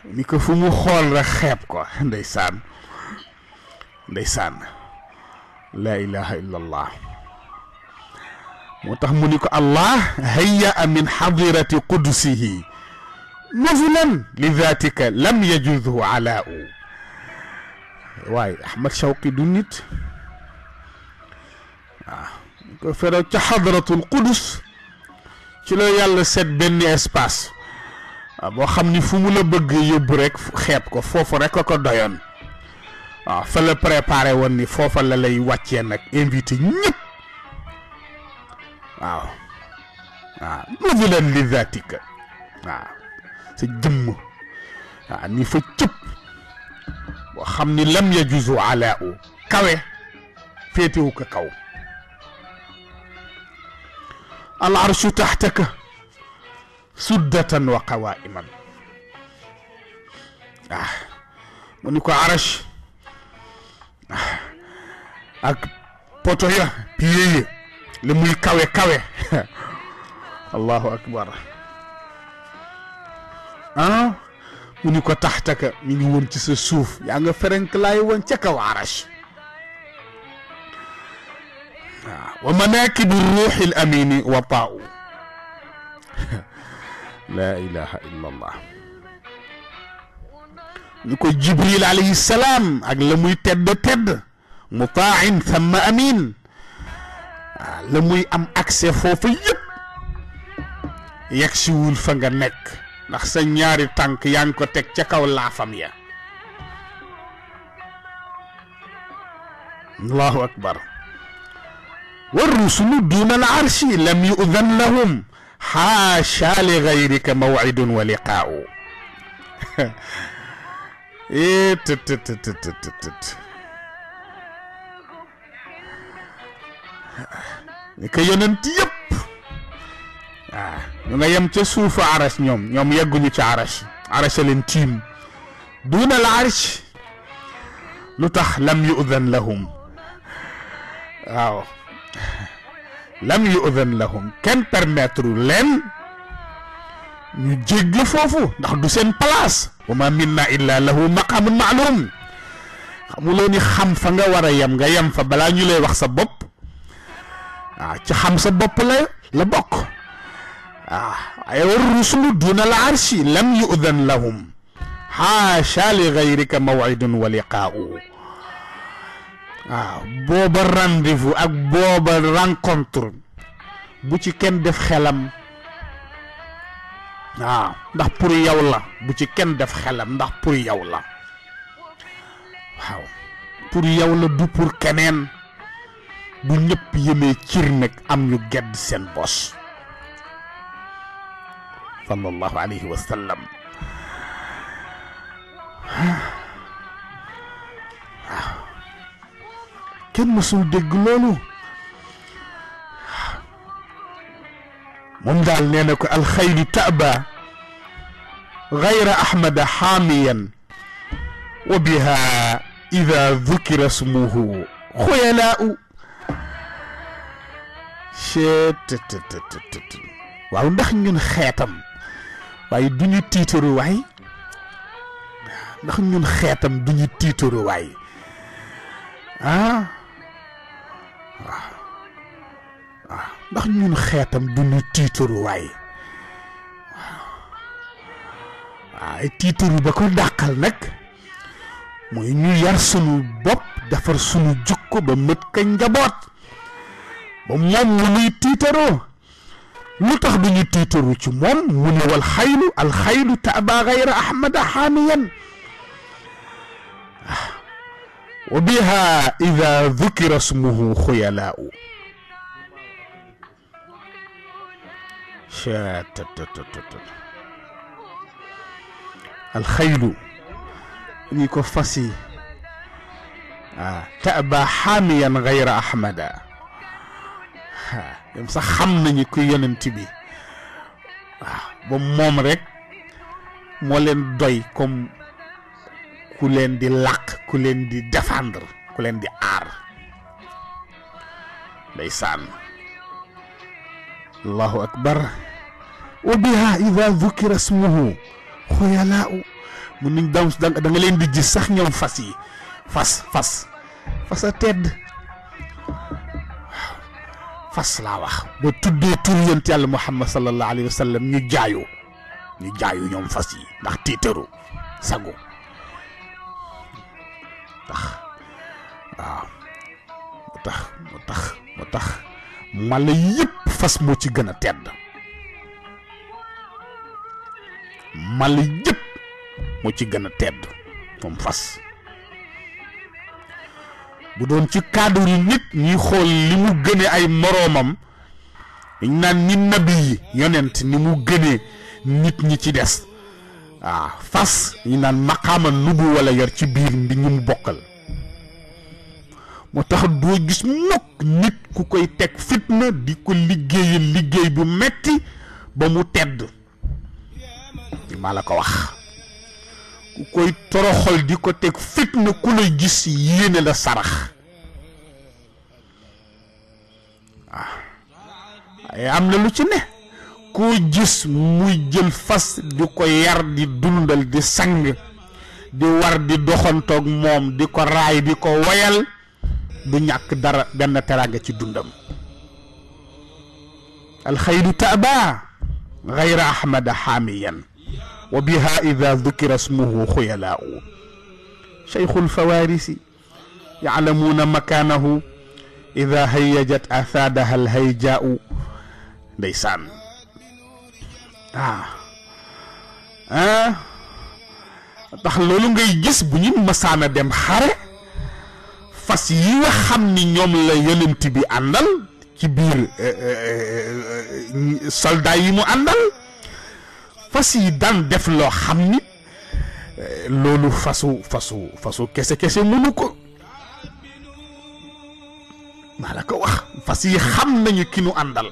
A: نيكو فو مو خول رخيب كو ديسان ديسان لا إله إلا الله moo tax mu ni ko allah hayya min xadirati qudsihi nazulan li datika lam yajuzhu alaau waaye ahmad shawqi du nit waaw ko ferew ca xadratul qudus ci la yàlla seet benn espace waaw boo xam ni fu mu la bëgg yóbbu rek xeeb ko foofu rek a ko doyoon waaw fa la préparé woon ni foofa la lay wàccee nag invité ñëpp واو نظلا لذاتك واو سجم يعني فتشب وخمني لم يجوز علاء كوي فيتيو ككو العرش تحتك سدة وقوائما آه منك عرش آه أك بوتويا بيئي لمي كاوي كاوي الله اكبر ها ونيكو تحتك من يوم تسوف يعني فرنك لا يوان تكو عرش ومناكب الروح الامين وطاو لا اله الا الله نكو جبريل عليه السلام اجل مي تد تد ثم امين la muy am accès foofu yëpp yegg siwul fa nga nekk ndax sa ñaari tànk yaa ngi ko teg ca kaw laafam ya allahu akbar والرسل دون العرش لم يؤذن لهم حاشا لغيرك موعد ولقاء إيه ni ko yonent yépp waaw ñu nga yem ca suufu aras ñoom ñoom yegguñu ci aras aras leen tiim duna la arsh lu tax lam yu'dan lahum waaw lam yu'dan lahum kenn permettre leen ñu jéggi foofu ndax du seen place wa ma minna illa lahu maqamun ma'lum xamuloo ni xam fa nga war a yem nga yem fa balaa ñu lay wax sa bopp ci xam sa bopp la la bokk waaw ay rusulu duna la arshi lam yu'dhan lahum ha sha li ghayrika mawidun wa liqa'u waaw booba rendez-vous ak booba rencontre bu ci kenn def xelam waaw ndax pour yow la bu ci kenn def xelam ndax pour yow la waaw pour yow la du pour keneen bu ñëpp yemee cir nag am ñu gedd seen bos sallallahu alayhi wa sallam waaw kenn mësul dégg loolu moom daal nee na ko alxayru taaba gayra ahmada xaamiyan wa biha ida dukira smuhu xuyalaau waaw ndax ñun xeetam waaye du ñu tiitaruwaay ndax ñun xeetam du ñu tiitaruwaay ah waaw ah. ah. ndax ñun xeetam du ñu tiitaruwaay waaw ah. waaye tiitaru ba ko dàqal nag mooy ñu yar sunu bopp defar sunu jukko ba mët ka njaboot ba moom mu nuy tiitaroo lu tax du ñu tiitaru ci moom mu ne wal xaylu al xaylu taaba gayra ahmada xaamiyan ah. wa biha ida dukira smuhu xuyalaau alxaylu ñi ko fasi ah, taaba xaamiyan gayra ahmada dem sax xam nañu kuy yonent bi ba moom rek moo leen doy comme ku leen di làq ku leen di défendre ku leen di aar allahu akbar wa biha ida dhukira smuhu xoyalaau mu niñ dam da nga leen di gis sax fas yi fas fas fas fas laa wax boo tuddee tur yonent yàlla muhammad sallallahu alayhi wa sallam ñu jaayoo ñu jaayu ñoom fas yi ndax tiitaru sago tax waaw mu tax mu tax mu tax mala yëpp fas moo ci gën a tedd mala yëpp moo ci gën a tedd moom fas bu doon ci cadre yi nit ñuy xool li mu gëne ay moroomam dañ naan ni nabi yi yonent ni mu gënee nit ñi ci des waaw ah, fas ñu naan maqaama nubu wala yor ci biir bi ñu mu bokkal moo tax doo gis mukk nit ku koy teg fitna di ko liggéeyal liggéey bu metti ba mu tedd maa la ko wax ku koy toroxal di ko teg fitna ku la gis yéene la sarax waaw ah. am na lu ci ne koo gis muy jël fas di ko yar di dundal di sang di war di doxantoog moom di ko raay di ko woyal du ñàkk dara benn teraanga ci dundam alxayru taaba gayra ahmada xaamiyan وبها إذا ذكر اسمه خيلاء شيخ الفوارس يعلمون مكانه إذا هيجت أثادها الهيجاء ديسان آه. آه. تخ لولو غي جيس بني مسانا ديم خاري فاس يي خامني نيوم لا يلنتي بي اندال كي بير سولدا يي مو اندال fas yi daan def loo xam ni eh, loolu fasu fasu fasu kese kese mënu ko maa la ko wax fas yi xam nañu ki nu àndal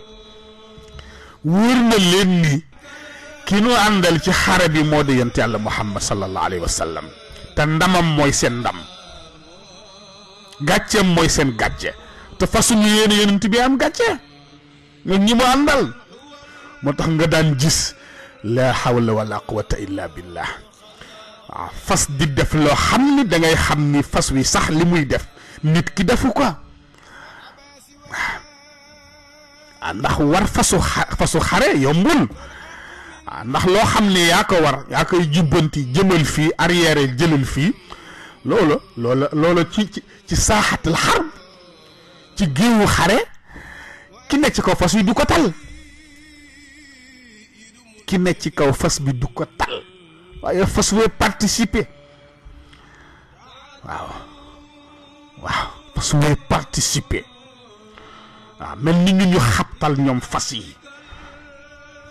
A: wóor na leen ni ki nu àndal ci xare bi moo di yent yàlla muhammad sallallahu alayhi wa sallam te ndamam mooy seen ndam gàcceem mooy seen gàcce te fasuñu yéen yonent bi am gàcce ñi mu àndal moo tax nga daan gis لا حول ولا قوة إلا بالله آه، فاس دي دف لو خامني دا غاي خامني فاس وي صح لي موي دف نيت كي دفو كو اندخ آه، وار فاسو فاسو خاري يومبل اندخ آه، لو خامني ياكو وار ياكاي جوبنتي جيمل في اريري جمل في لولو لولو لولو تي تي ساحه الحرب تي جيو خاري كي نيت كو فاسو دوكو ki nekk ci kaw fas bi du ko tal waaye fas wee participer waaw waaw fas wee participer waaw mel ni ñu ñu xabtal ñoom fas yi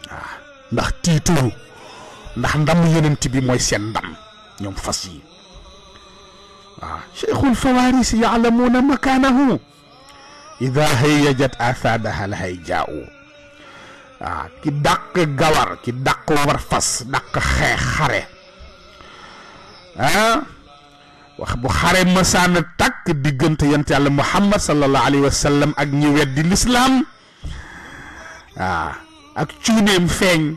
A: waaw ndax tiituru ndax ndam yonent bi mooy seen ndam ñoom fas yi waaw cheikhul fawaris yaalamuuna makaanahu ida hayyajat asaadaha al hayjaa'u waaw ah, ki dàq gawar ki dàq war dàq xeex xare ah, wax bu xare masaana tàkk diggante yent yàlla muhammad sallallahu alayhi wa sallam ak ñi weddi lislaam waaw ah, ak cuuneem feeñ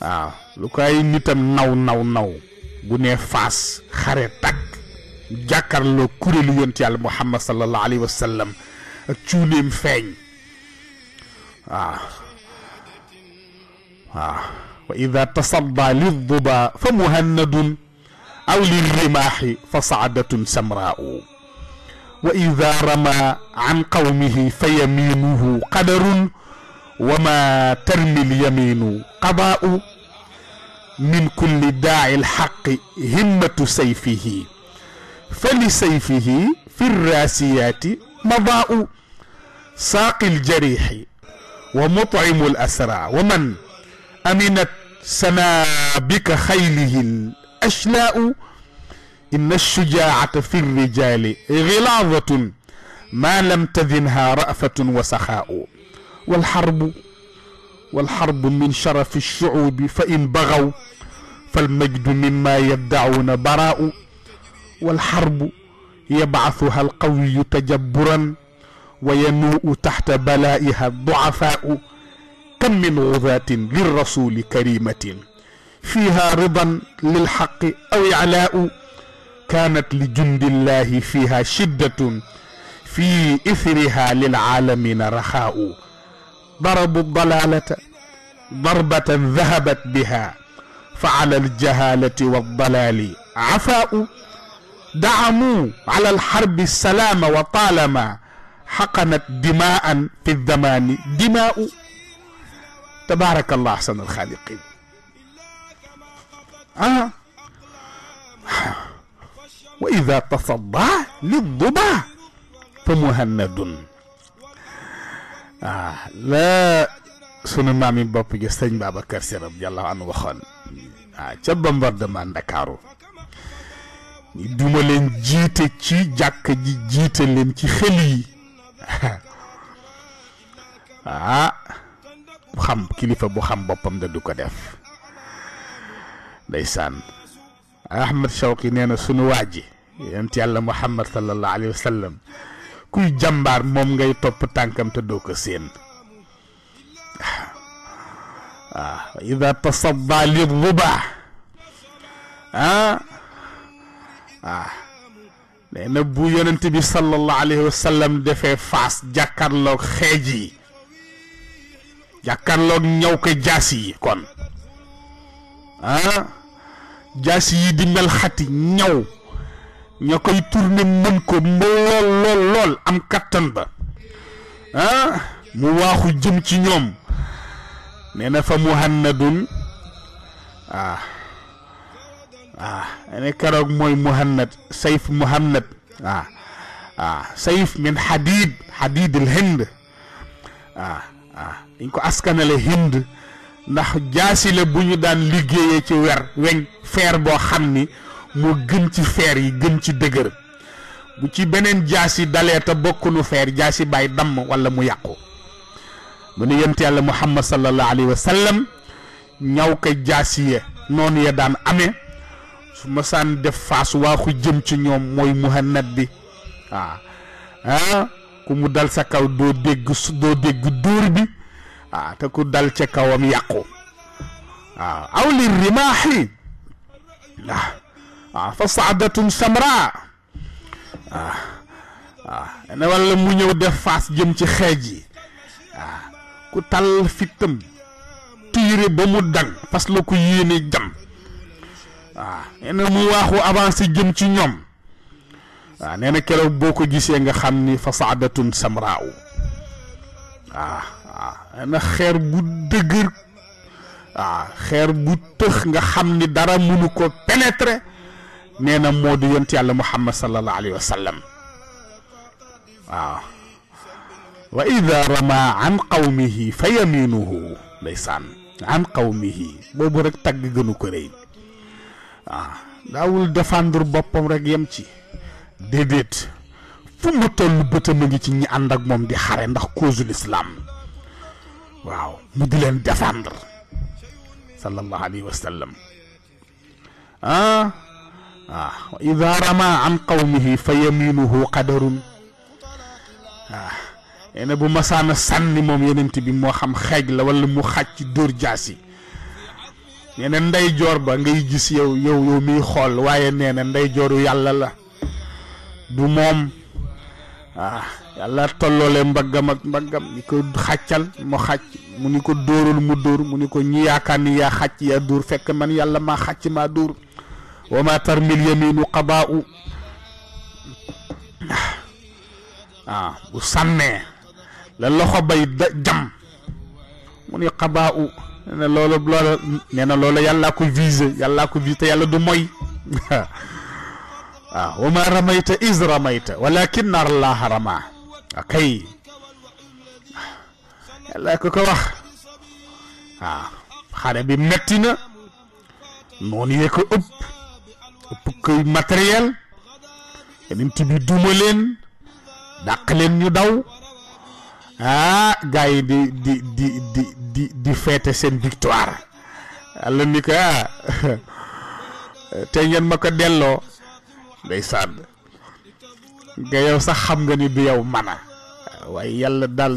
A: waaw lu koy nitam naw naw naw bu nee faas xare tàkk jàkkarloo kuréelu yent yàlla muhammad sallallahu alayhi wa ak cuuneem feeñ آه. آه. وإذا تصدى للظبا فمهند أو للرماح فصعدة سمراء وإذا رمى عن قومه فيمينه قدر وما ترمي اليمين قضاء من كل داعي الحق همة سيفه فلسيفه في الراسيات مضاء ساق الجريح ومطعم الأسرى ومن أمنت سنابك خيله الأشلاء إن الشجاعة في الرجال غلاظة ما لم تذنها رأفة وسخاء والحرب والحرب من شرف الشعوب فإن بغوا فالمجد مما يدعون براء والحرب يبعثها القوي تجبرا وينوء تحت بلائها الضعفاء كم من غذاة للرسول كريمة فيها رضا للحق أو إعلاء كانت لجند الله فيها شدة في إثرها للعالمين رخاء ضربوا الضلالة ضربة ذهبت بها فعلى الجهالة والضلال عفاء دعموا على الحرب السلام وطالما حقنت دماء في الزمان دماء تبارك الله احسن الخالقين آه. واذا تصدى للضبا فمهند آه. لا سنو مامي باب جسن بابا كرسي رضي الله عنه وخون تبم بردما نكارو ni duma len jité ci jakk ji jité len ci xel ah xam kilifa bu xam boppam da du ko def ndeysaan Ahmed Shawqi nee na sunu waa ji yonent yàlla Muhammad sallallahu alayhi wa sallam kuy jàmbaar moom ngay topp tànkam te doo ko séen waaw ah, ida tasadda li rubaa ah ah nee na bu yonent bi sallallahu alayhi wa sallam defee faas jàkkarloog xeej yi jàkkarloog ñëw ko jaas yi kon ah jaas yi di mel xati ñaw ña koy tourné mën ko lool lool lool am kàttan ba ah, mu waaxu jëm ci ñoom nee na fa muhannadun ah ah ene kérok moy muhammad saif muhammad ah ah saif min hadid hadid al hind ah ah in ko askanale hind ndax jasi le bunyudan ñu daan ci wer weñ fer bo xamni mo gën ci fer yi gën ci dëgër bu ci jasi dalé ta bokku nu fer jasi bay dam wala mu yaqku mu ni yent yalla muhammad sallallahu alaihi wasallam ñaw kay jaasi ya ya daan amé su def faas waaxu jëm ci ñoom mooy muhannad bi waaw ah. ah. ku mu dal sa kaw doo dégg doo dégg dóor bi waaw ah, te ku dal ca kawam yàqu waaw aw li rimaaxi waaw fa saadatun samra waaw waaw ne walla mu ñëw def faas jëm ci xeej yi waaw ku tal fitam tiire ba mu dang fas la yéene jam waaw ah, nee na mu waaxu avancé jëm ci ñoom waaw ah, nee na keroog boo ko gisee nga xam ni fasaadatun samraaw waaw ah, waaw nee xeer bu dëgër waaw xeer bu tëx nga xam ni dara mënu ko pénétrer nee na moo di yont yàlla muhammad sallallahu alayhi wa sallam waaw wa ida rama an qawmihi fa yaminuhu ndeysaan an qawmihi boobu rek tagg gënu ko rëy ah daawul défendre boppam rek yem ci déedéet fu mu toll bëtam ngi ci ñi ànd ak moom di xare ndax causul islam waaw mu di leen défendre sallallahu alayhi wa sallam ah ah rama an qawmihi fa yaminuhu qadarun ah bu masaana sànni moom yenent bi moo xam xeej la wala mu xàcc dóor jaasi neena nday jor ba ngay gis yow yow yow mi xol waye neena nday joru yalla la du mom ah yalla tolole mbagam ak mbagam ni ko xàccal mu xàcc mu ni ko mu dor mu ni ko ñi yaakaar ya xatch ya dur fekk man yalla ma xatch ma dur wa ma tarmil yamin qaba'u ah bu sanne la loxo bay jam mu ni ne loolu loola nee na loola yàllaa ko visé yàllaa ko visé te yàlla du moy waaw wa ma ramayta is ramayta walakin allah rama akay yàlla ko ko wax waaw xare bi metti na noonu yee ko ëpp ëpp koy matériel yeneen ti bi duma leen dàq leen ñu daw ah gay di di di di di di fêter sen victoire yàlla ni ka ah, te tey ngeen ma ko delloo ndeysaan yow sax xam nga ni du yow mana way yalla dal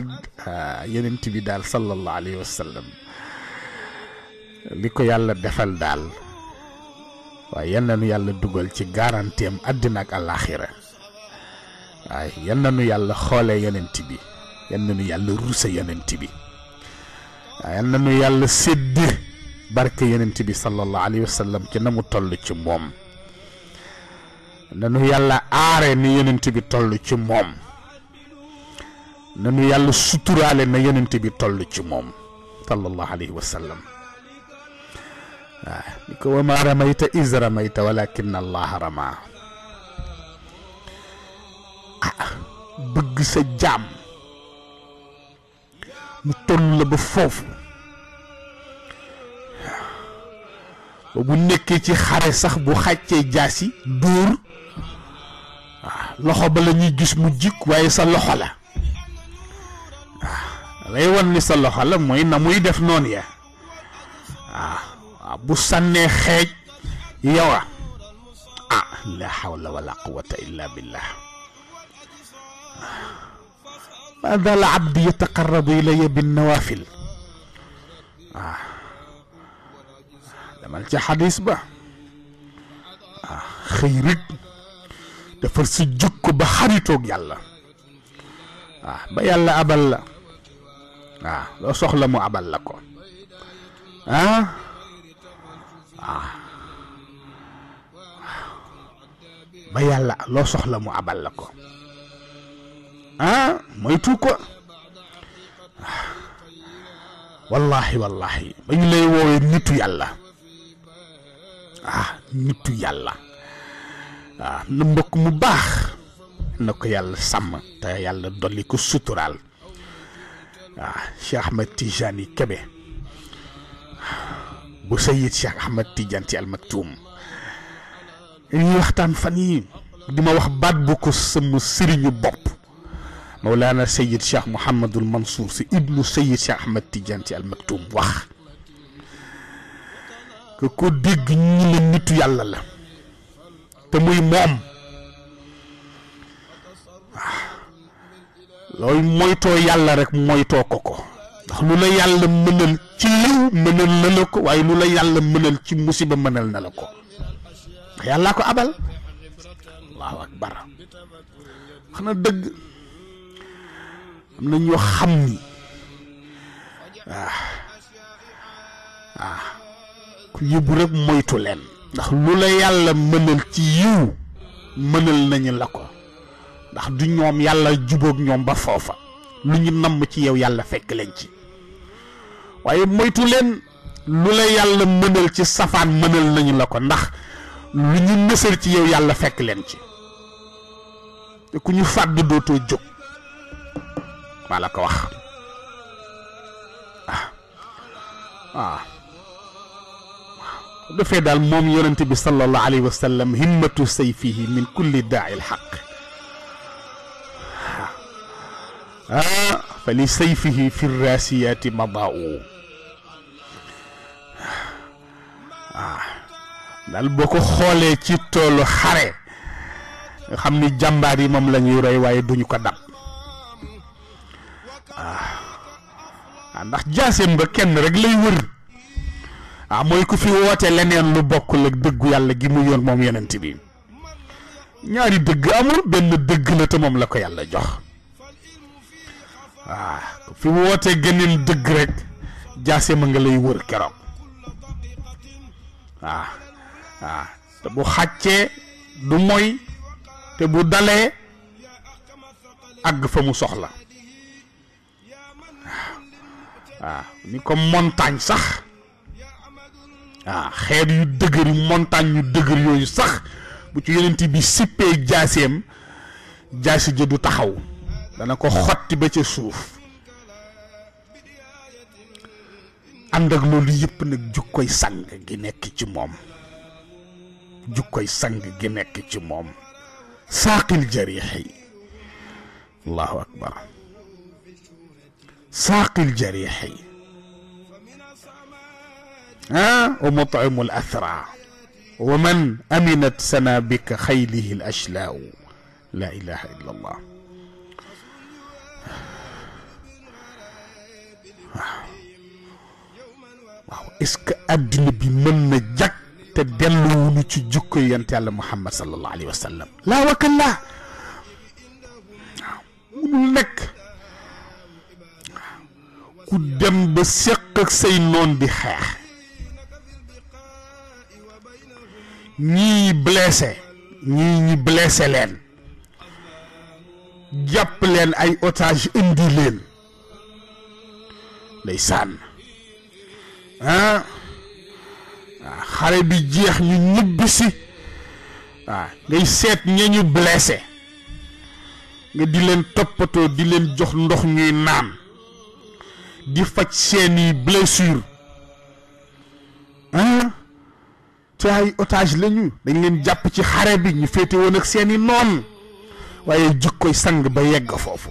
A: ah, yenen bi dal. sallallahu alaihi wasallam Liko yalla defal dal way yan nanu yalla duggal ci garanteem adina ak alakhirah waaye yan nanu yalla xoolee yenen bi yal na nu yàlla rusa yonent bi yal na nu yàlla sédd barke yonent bi sallallahu alayhi wa sallam ci na mu toll ci moom nanu yàlla aare ni yonent bi toll ci moom nanu yàlla suturaale na yonent bi toll ci moom sallallahu alayhi wa sallam waaw ah, bëgg sa jaam mu toll la ba foofu waaw bu nekkee ci xare sax bu xàccee jaas yi dóor loxo ba lañuy gis mu jikk waaye sa loxo la waaw lay wan ni sa loxo la mooy na muy def noonu ya waaw bu sànnee xeej yowa ah la hawla wala ma dal abdi yataqarrabu ilaya binnawaafil waaw demal ci xadis ba waaw xëy rek defar sa jukko ba xaritoog yàlla waaw ba yàlla abal la waaw loo soxla mu abal la ko ah waaw ba yàlla loo soxla mu abal la ko ah moytu ko wallahi wallahi ba ñu lay woowee nitu yàlla ah nitu yàlla ah na mbokk mu baax na ko yàlla sàmm te yàlla dolli ko suturaal ah Cheikh Ahmed Tijani Kebe bu sayid Cheikh Ahmed Tijani ci almaktuum ñuy waxtaan fan yi di ma wax baat bu ko sama sëriñu bopp مولانا سيد شيخ محمد المنصور سي ابن سيد شيخ احمد تيجانتي المكتوم واخ كو ديغ ني نيتو يالا لا تموي موم لوي مويتو يالا رك مويتو كوكو داخ لولا يالا منال تي ليو منال نالاكو واي لولا يالا منال تي مصيبه منال نالاكو يالا كو ابال الله اكبر خنا دغ am na ñoo xam ni waaw ku yëbbu rek moytu leen ndax lu la yàlla mënal ci yiw mënal nañu la ko ndax du ñoom yàlla jubóog ñoom ba foofa lu ñu namm ci yow yàlla fekk leen ci waaye moytu leen lu la yàlla mënal ci safaan mënal nañu la ko ndax lu ñu nësal ci yow yàlla fekk leen ci te ku ñu fàdd dootoo jóg maa la ko wax ah. Ah. waaw dafee daal moom yonent bi sallallahu alayhi wa sallam himmatu min kulli daai lxaq ah. ah fa li sayfihi fi raasiyaati madaau daal boo ko xoolee ci toolu xare nga xam ni jàmbaar yi moom la ñuy waaye duñu ko dab Ah. ah ndax jaaseem ba kenn rek lay wër ah mooy ku fi wootee leneen lu bokk ak dëggu yàlla gi mu yoon moom yonent bi ñaari dëgg amul benn dëgg la te moom la ko yàlla jox waaw ah, ku fi woote geneen dëgg rek jaaseem a nga lay wër keroog waaw ah, waaw te bu xàccee du moy te bu dalee àgg fa mu soxla waaw ah, ni ko montagne sax waaw ah, xeer yu dëgër yu yu dëgër yooyu sax bu ci yonent bi sippee jaaseem jaasi ja du taxaw dana ko xotti ba ca suuf ànd ak loolu yëpp nag jukkoy sang gi nekk ci moom jukkoy sang gi nekk ci moom saaqil jariix yi allahu akbar ساقي الجريح ها ومطعم الاثرى ومن امنت سنا بك خيله الاشلاء لا اله الا الله واو اسك ادني بمن جك تدلو لي محمد صلى الله عليه وسلم لا وكلا نك ku dem ba séq ak say noon di xeex ñii blessé ñii ñi blessé leen jàpp leen ay otage indi leen day sànn ah xare bi jeex ñu ñibbi si waaw ngay seet ña ñu blessé nga di leen toppatoo di leen jox ndox ñuy naan di faj seeni blessure ah ci ay otage lañu dañ leen jàpp ci xare bi ñu féete woon ak seeni noon waaye koy sang ba yegg foofu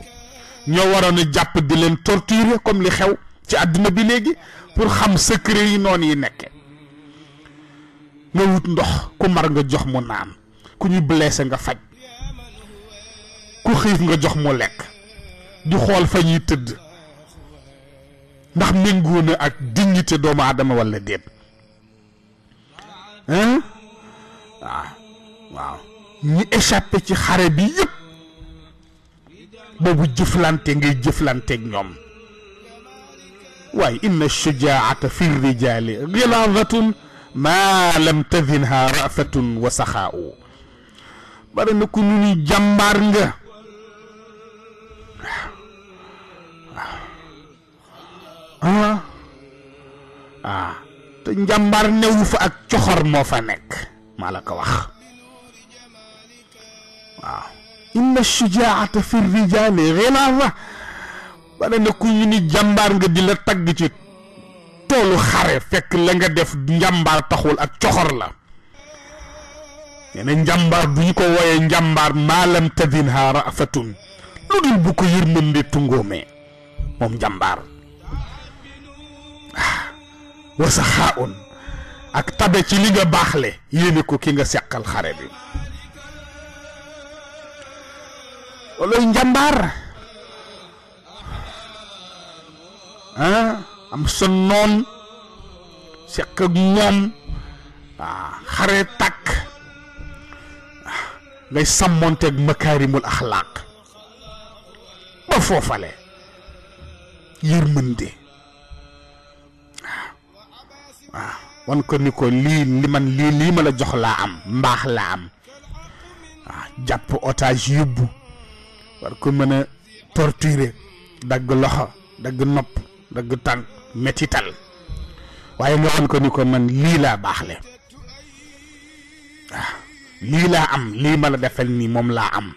A: ñoo waroon a jàpp di leen torturer comme li xew ci àdduna bi léegi pour xam secret yi noon yi nekke nga wut ndox ku mar nga jox mu naan ku ñu blessé nga faj ku xiif nga jox mu lekk di xool fa ñuy tëdd ndax méngoo na ak dignité doomu aadama wala déet hein ah waaw ñi échapper ci xare bi yépp boobu jëflante ngay jëflante ak ñoom waaye inna shujaata fi rijaali gilaadatun ma lam tadinha rafatun wa saxaa'u bari na ku ñu ni jàmbaar nga ah ah te njàmbaar newu fa ak coxor moo fa nekk maa la ko wax waaw inna shujaata fi rijaali xilafa bana ne ku ñu ni jàmbaar nga di la tagg ci toolu xare fekk la nga def njàmbaar taxul ak coxor la nee na du ñu ko wooyee njàmbaar maalam tadinha rafatun lu dul bu ko yërmande tungoomee moom njàmbaar Ah, wa saxaa un ak tabe ci li nga baaxle yéene ko ki nga seqal xare bi looloy njàmbaar ah, am sa noon seq ak moom waa ah, xare tàkk ngay sàmmoonteeg makaarimul axlaaq ba foofale yërmande wan ko ni ko lii li man li li ma la jox la am mbax la am jàpp otage yubbu war ko meuna torturer dag loxo dagg nopp dagg tànk metital waye mo wan ko ni ko man li la baaxle waaw lii laa am li ma la defal ni mom la am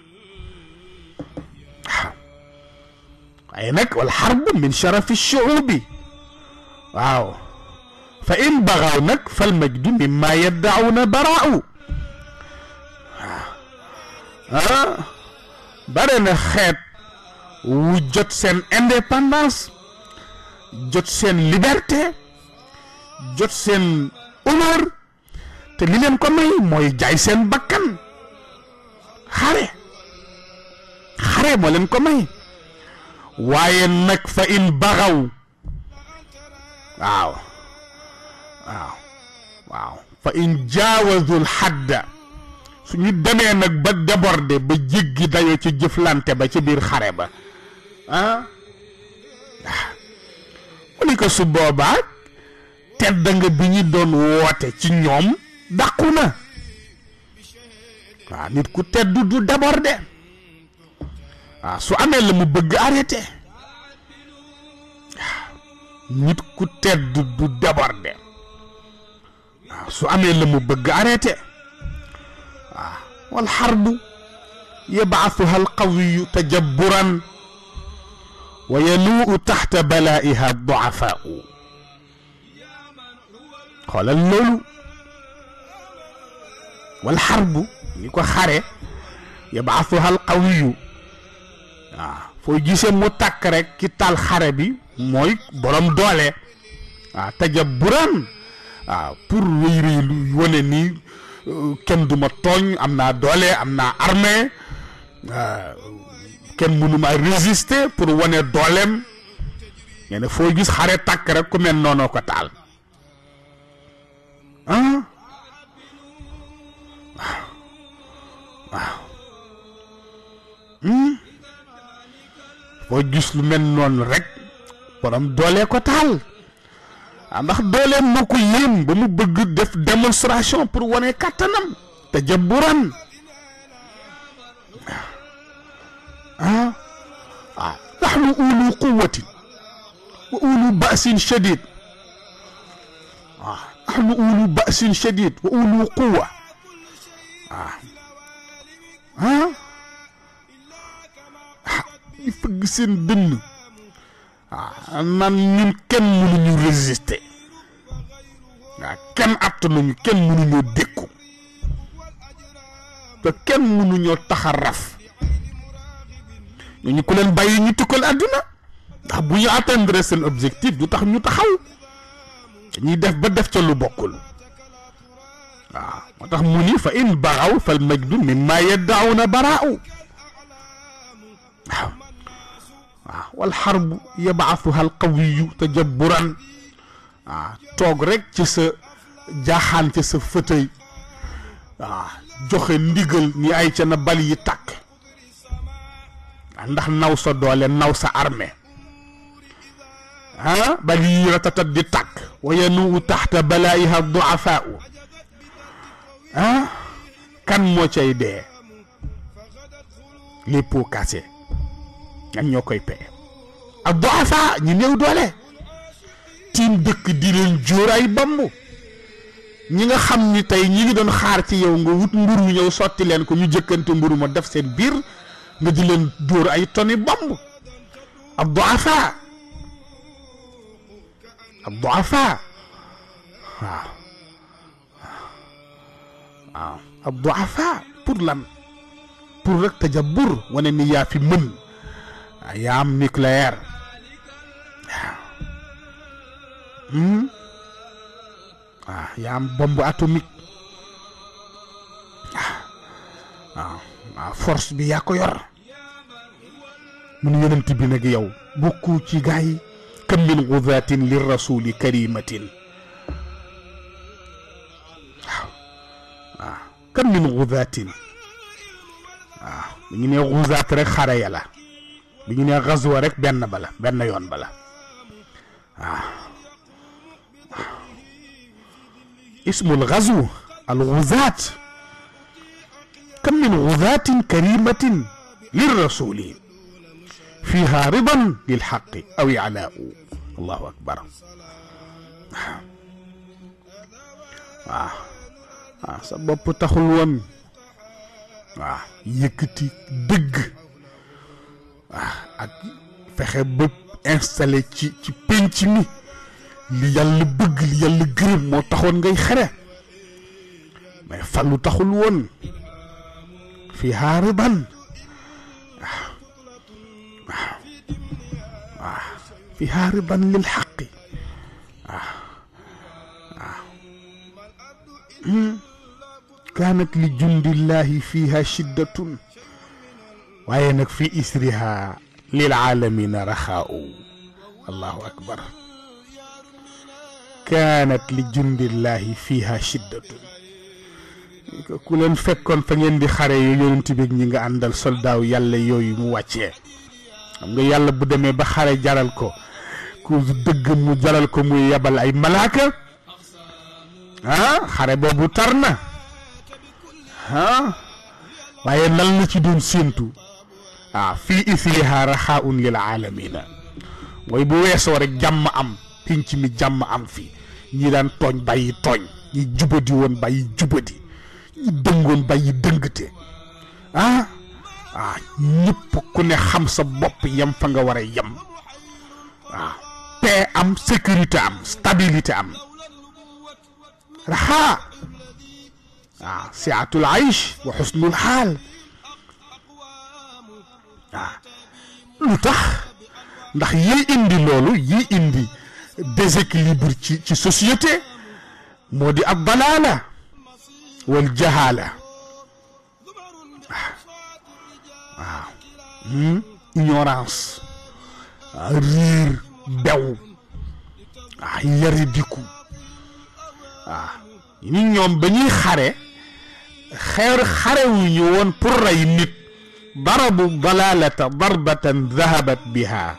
A: waaw nak wal harb min sharaf sharafi shuubi waaw فإن بغونك فالمجد مما يدعون براء ها آه. آه. بارنا خيط وجد سن اندبندنس جد سن ليبرتي جد سن عمر تلين كمي موي جاي سن بكن خاري خاري مولن كمي واي نك فإن بغو واو آه. waaw waaw fa in jaawazul xadda su ñu demee nag ba débordé ba jéggi dayo ci jëflante ba ca biir xare ba ah? mu ni ko su boobaa tedd nga bi ñu doon woote ci ñoom dàqu na waaw nit ku tedd du débordé waaw su amee la mu bëgg arrêté waaw nit ku tedd du débordé waaw su amee la mu bëgg arrêté waaw wal xarbu yabaathuha alqawiyu tajabburan wa yanuu taxta balaiha duafaau xoolal loolu wal xarbu ni ko xare yabaathuha alqawiyu waaw foo gisee mu tàkk rek ki taal xare bi mooy borom doole waaw tajabburan waaw pour rëy rëy lu wane nii euh, kenn du ma tooñ am naa doole am naa armée kenn mënu ma résister pour wone dooleem nga foo gis xare tàkk rek ku mel noonu ko taal hmm? gis lu mel noonu rek borom doole ko taal. ah ndax dooleem moo ko yéem ba mu bëgg def démonstration pour wane kàttanam te jabburan ah ah nahnu ulu quwatin wa ulu baasin shadid ah nahnu ulu baasin shadid wa ulu quwa ah ah, ah. fëgg seen maam ñun kenn mënuñu résister waaw kenn attanuñu kenn mënuñoo dékku te kenn mënuñoo taxa raf ñu ku leen bàyyi ñu tukkal àdduna ndax bu ñu atteindre seen objectif du tax ñu taxaw dañuy def ba def ca lu bokkul waaw moo tax mu ni fa in baraw fal majdu mimma yaddaawuna baraaw waaw waaw wal xarbu yabaatuha al qawiyu tajabburan waaw toog rek ci sa jaaxaan ci sa fëtëy waaw joxe ndigal ni ay ca na bal yi tàkk ndax naw sa doole naw sa armée ah yi ratatat di tàkk wa yanuu taxta balaayiha duafaau ah kan moo cay dee léppoo kase ñan ñoo koy paye ak bu afa ñu néew doole tiim dëkk di leen jóor ay bamb ñi nga xam ni tey ñi ngi doon xaar ci yow nga wut mburu ñëw sotti leen ko ñu jëkkante mburu ma def seen biir nga di leen dóor ay toni bomb ab doafa ab doafa waaw waaw ab doafa pour lan pour rek tajabur wane ni yaa fi mën ايام نيكلير ايام بومب اتوميك force bi yaa ko yor mun yonent bi nag yow bokku ci gaa yi kam min gudaatin li rasuli karimatin ah waaw kam min gudaatin waaw ñu ne gudaat rek xare ya la bi ñu ne gazwa rek benn ba la benn اسم الغزو الغزاة كم من غزاة كريمة للرسول فيها رضا للحق أو إعلاء الله أكبر آه. آه. سبب تخلون آه. يكتي دق ah ak fexe ba installé ci ci penc mi li yàlla bëgg li yàlla gërëm moo taxoon ngay xare mais fallu taxul woon fi haariban waaw waaw waaw fi haariban lil xaqi waaw waaw kaanat li jundillahi fiha shiddatun وعينك في إسرها للعالمين رخاء الله أكبر كانت لجند الله فيها شدة كلن فكون فنين دي خاري يوين تبيك نيغا عندال سلداو يالا يوي مواتشي عمغا يالا بودمي بخاري جارالكو كوز دقم مو جارالكو مو يبال اي ملاكة ها ها بابو ترنا ها waye lan la ci doon sentu waaw ah, fii isliha raxaun lil aalamina mooy bu weesoo rek jàmm am pinc mi jàmm am fi ñi daan tooñ bàyyi tooñ ñi jubadi woon bàyyi jubadi ñi dëngoon bàyyi dëngte ah ah ñëpp ku ne xam sa bopp yem fa nga war a yem waaw ah, paix am sécurité am stabilité am raxaa waaw ah, siatul aish wa xusnul xaal waaw lu tax ndax yi indi loolu yi indi déséquilibre ci société moo di ab balaala wal jahaala hmm? ignorance ah, riir bew waaw ah, yari diku ah. ñoom ba ñuy xare xeer xarewuñu woon pour rey nit ضربوا الضلالة ضربة ذهبت بها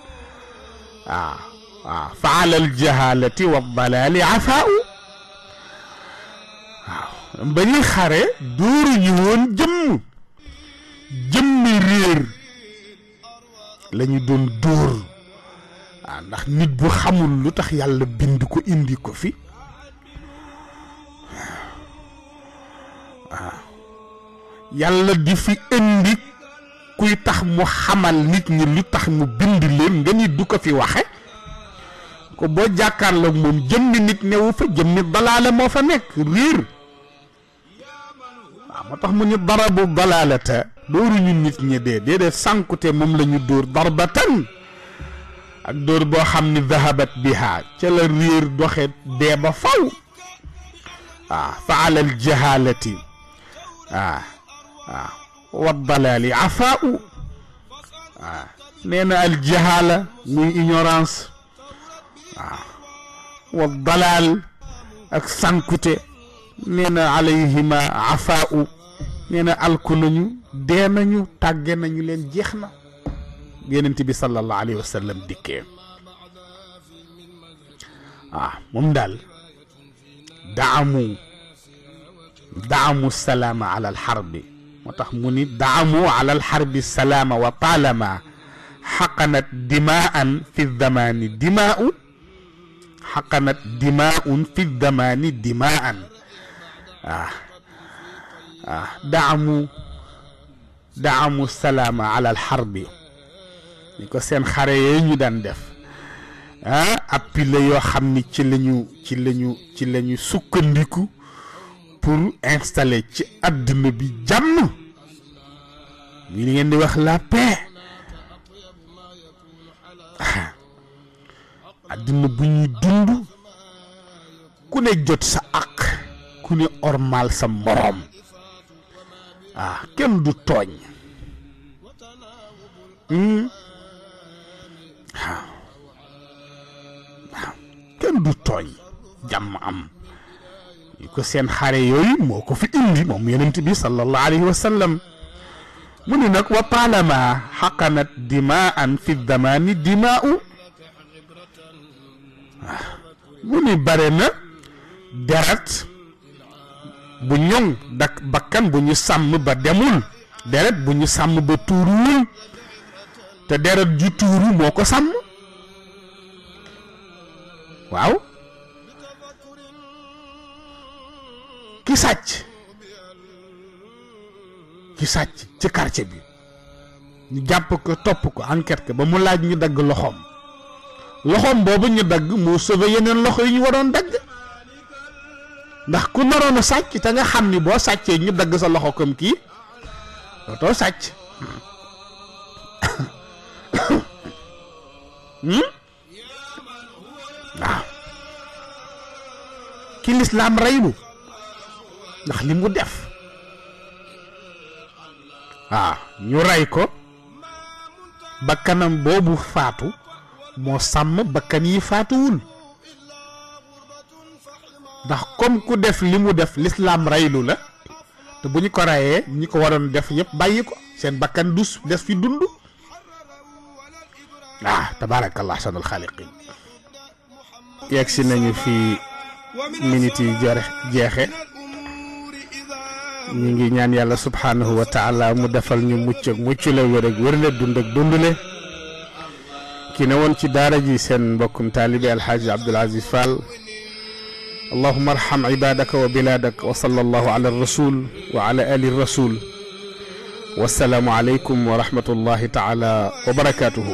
A: آه آه فعلى الجهالة والضلال عفاء آه بني خاري دور يون جم جم رير لن يدون دور نحن nit bu xamul lu tax yàlla bind ko indi ko kuy tax mu xamal nit ñi lu tax mu bind leen nga ni du ko fi waxe ko boo jàkkaarloog moom jëmmi nit newu fa jëmmi dalaale moo fa nekk riir waaw moo tax mu ni darabu dalaalata dóoruñu nit ñi dee déedéet sànkute moom lañu ñu dóor darbatan ak dóor boo xam ni dahabat biha ca la riir doxe dee ba faw waaw fa alal jahalati waaw والضلال عفاء آه. نينا الجهالة مي إنورانس آه. والضلال أكسانكوتي نينا عليهما عفاء نينا الكلنيو دينانيو تاغينانيو لين جيخنا يننتي تبي صلى الله عليه وسلم ديك آه ممدال دعموا دعموا السلام على الحرب moo tax mu ni daamu ala alxarbi salaama wa taalama xaqanat dimaan fi damaani dimaau xaqanat dimaaun fi damaani dimaan ah ah daamu daamu salama ala alxarbi ni ko seen xare yooyu ñu daan def ah appi la yoo xam ni ci lañu ci lañu ci lañu sukkandiku pour installer ci àdduna bi jàmm ñu li ngeen di wax la paix bu ñuy dund ku ne jot sa àq ku ne ormal sa moroom ah kenn du tooñ waaw hmm? ah. ah. kenn du tooñ jàmm am iko sen xare yoy moko fi indi mom yonent bi sallallahu alayhi wa sallam mu ni wa palama haqanat dimaan fi dhamani dima'u muni barena derat deret bu ñong dak bakkan bu ñu sam ba demul deret bu ñu sam ba turu te deret ju turu moko sam sàmm ki sàcc ki sàcc ci quartier bi ñu jàpp ko topp ko enquête ko ba mu laaj ñu dagg loxoom loxoom boobu ñu dagg moo sauvé yeneen loxo yi ñu waroon dagg ndax ku naroon a sàcc te nga xam ni boo sàccee ñu dagg sa loxo comme kii dootoo sàcc hmm? waaw ki lislaam reylu ndax li mu def waaw ah, ñu rey ko bakkanam boobu faatu moo sàmm bakkan yi faatuwul ndax comme ku def li mu def lislaam reylu la te bu ñu ko reyee ñi ko waroon def yëpp bàyyi ko seen bakkan dus des fi dund ah tabaarakallah ahsanul xaaliqiin yegg si nañu fi minit yi jare jeexe ñi ngi ñaan yàlla subhaanahu wa taala mu defal ñu mucc ak mucc la wér ak wér le dund ak dund le ki ne woon ci daara ji seen mbokkum taalibi alxaaji Abdul Aziz Fall allahuma arham ibadaka wa biladak wa sallallahu ala rasul wa ala ali rasul wasalaamu aleykum wa rahmatullahi taala wa barakatuhu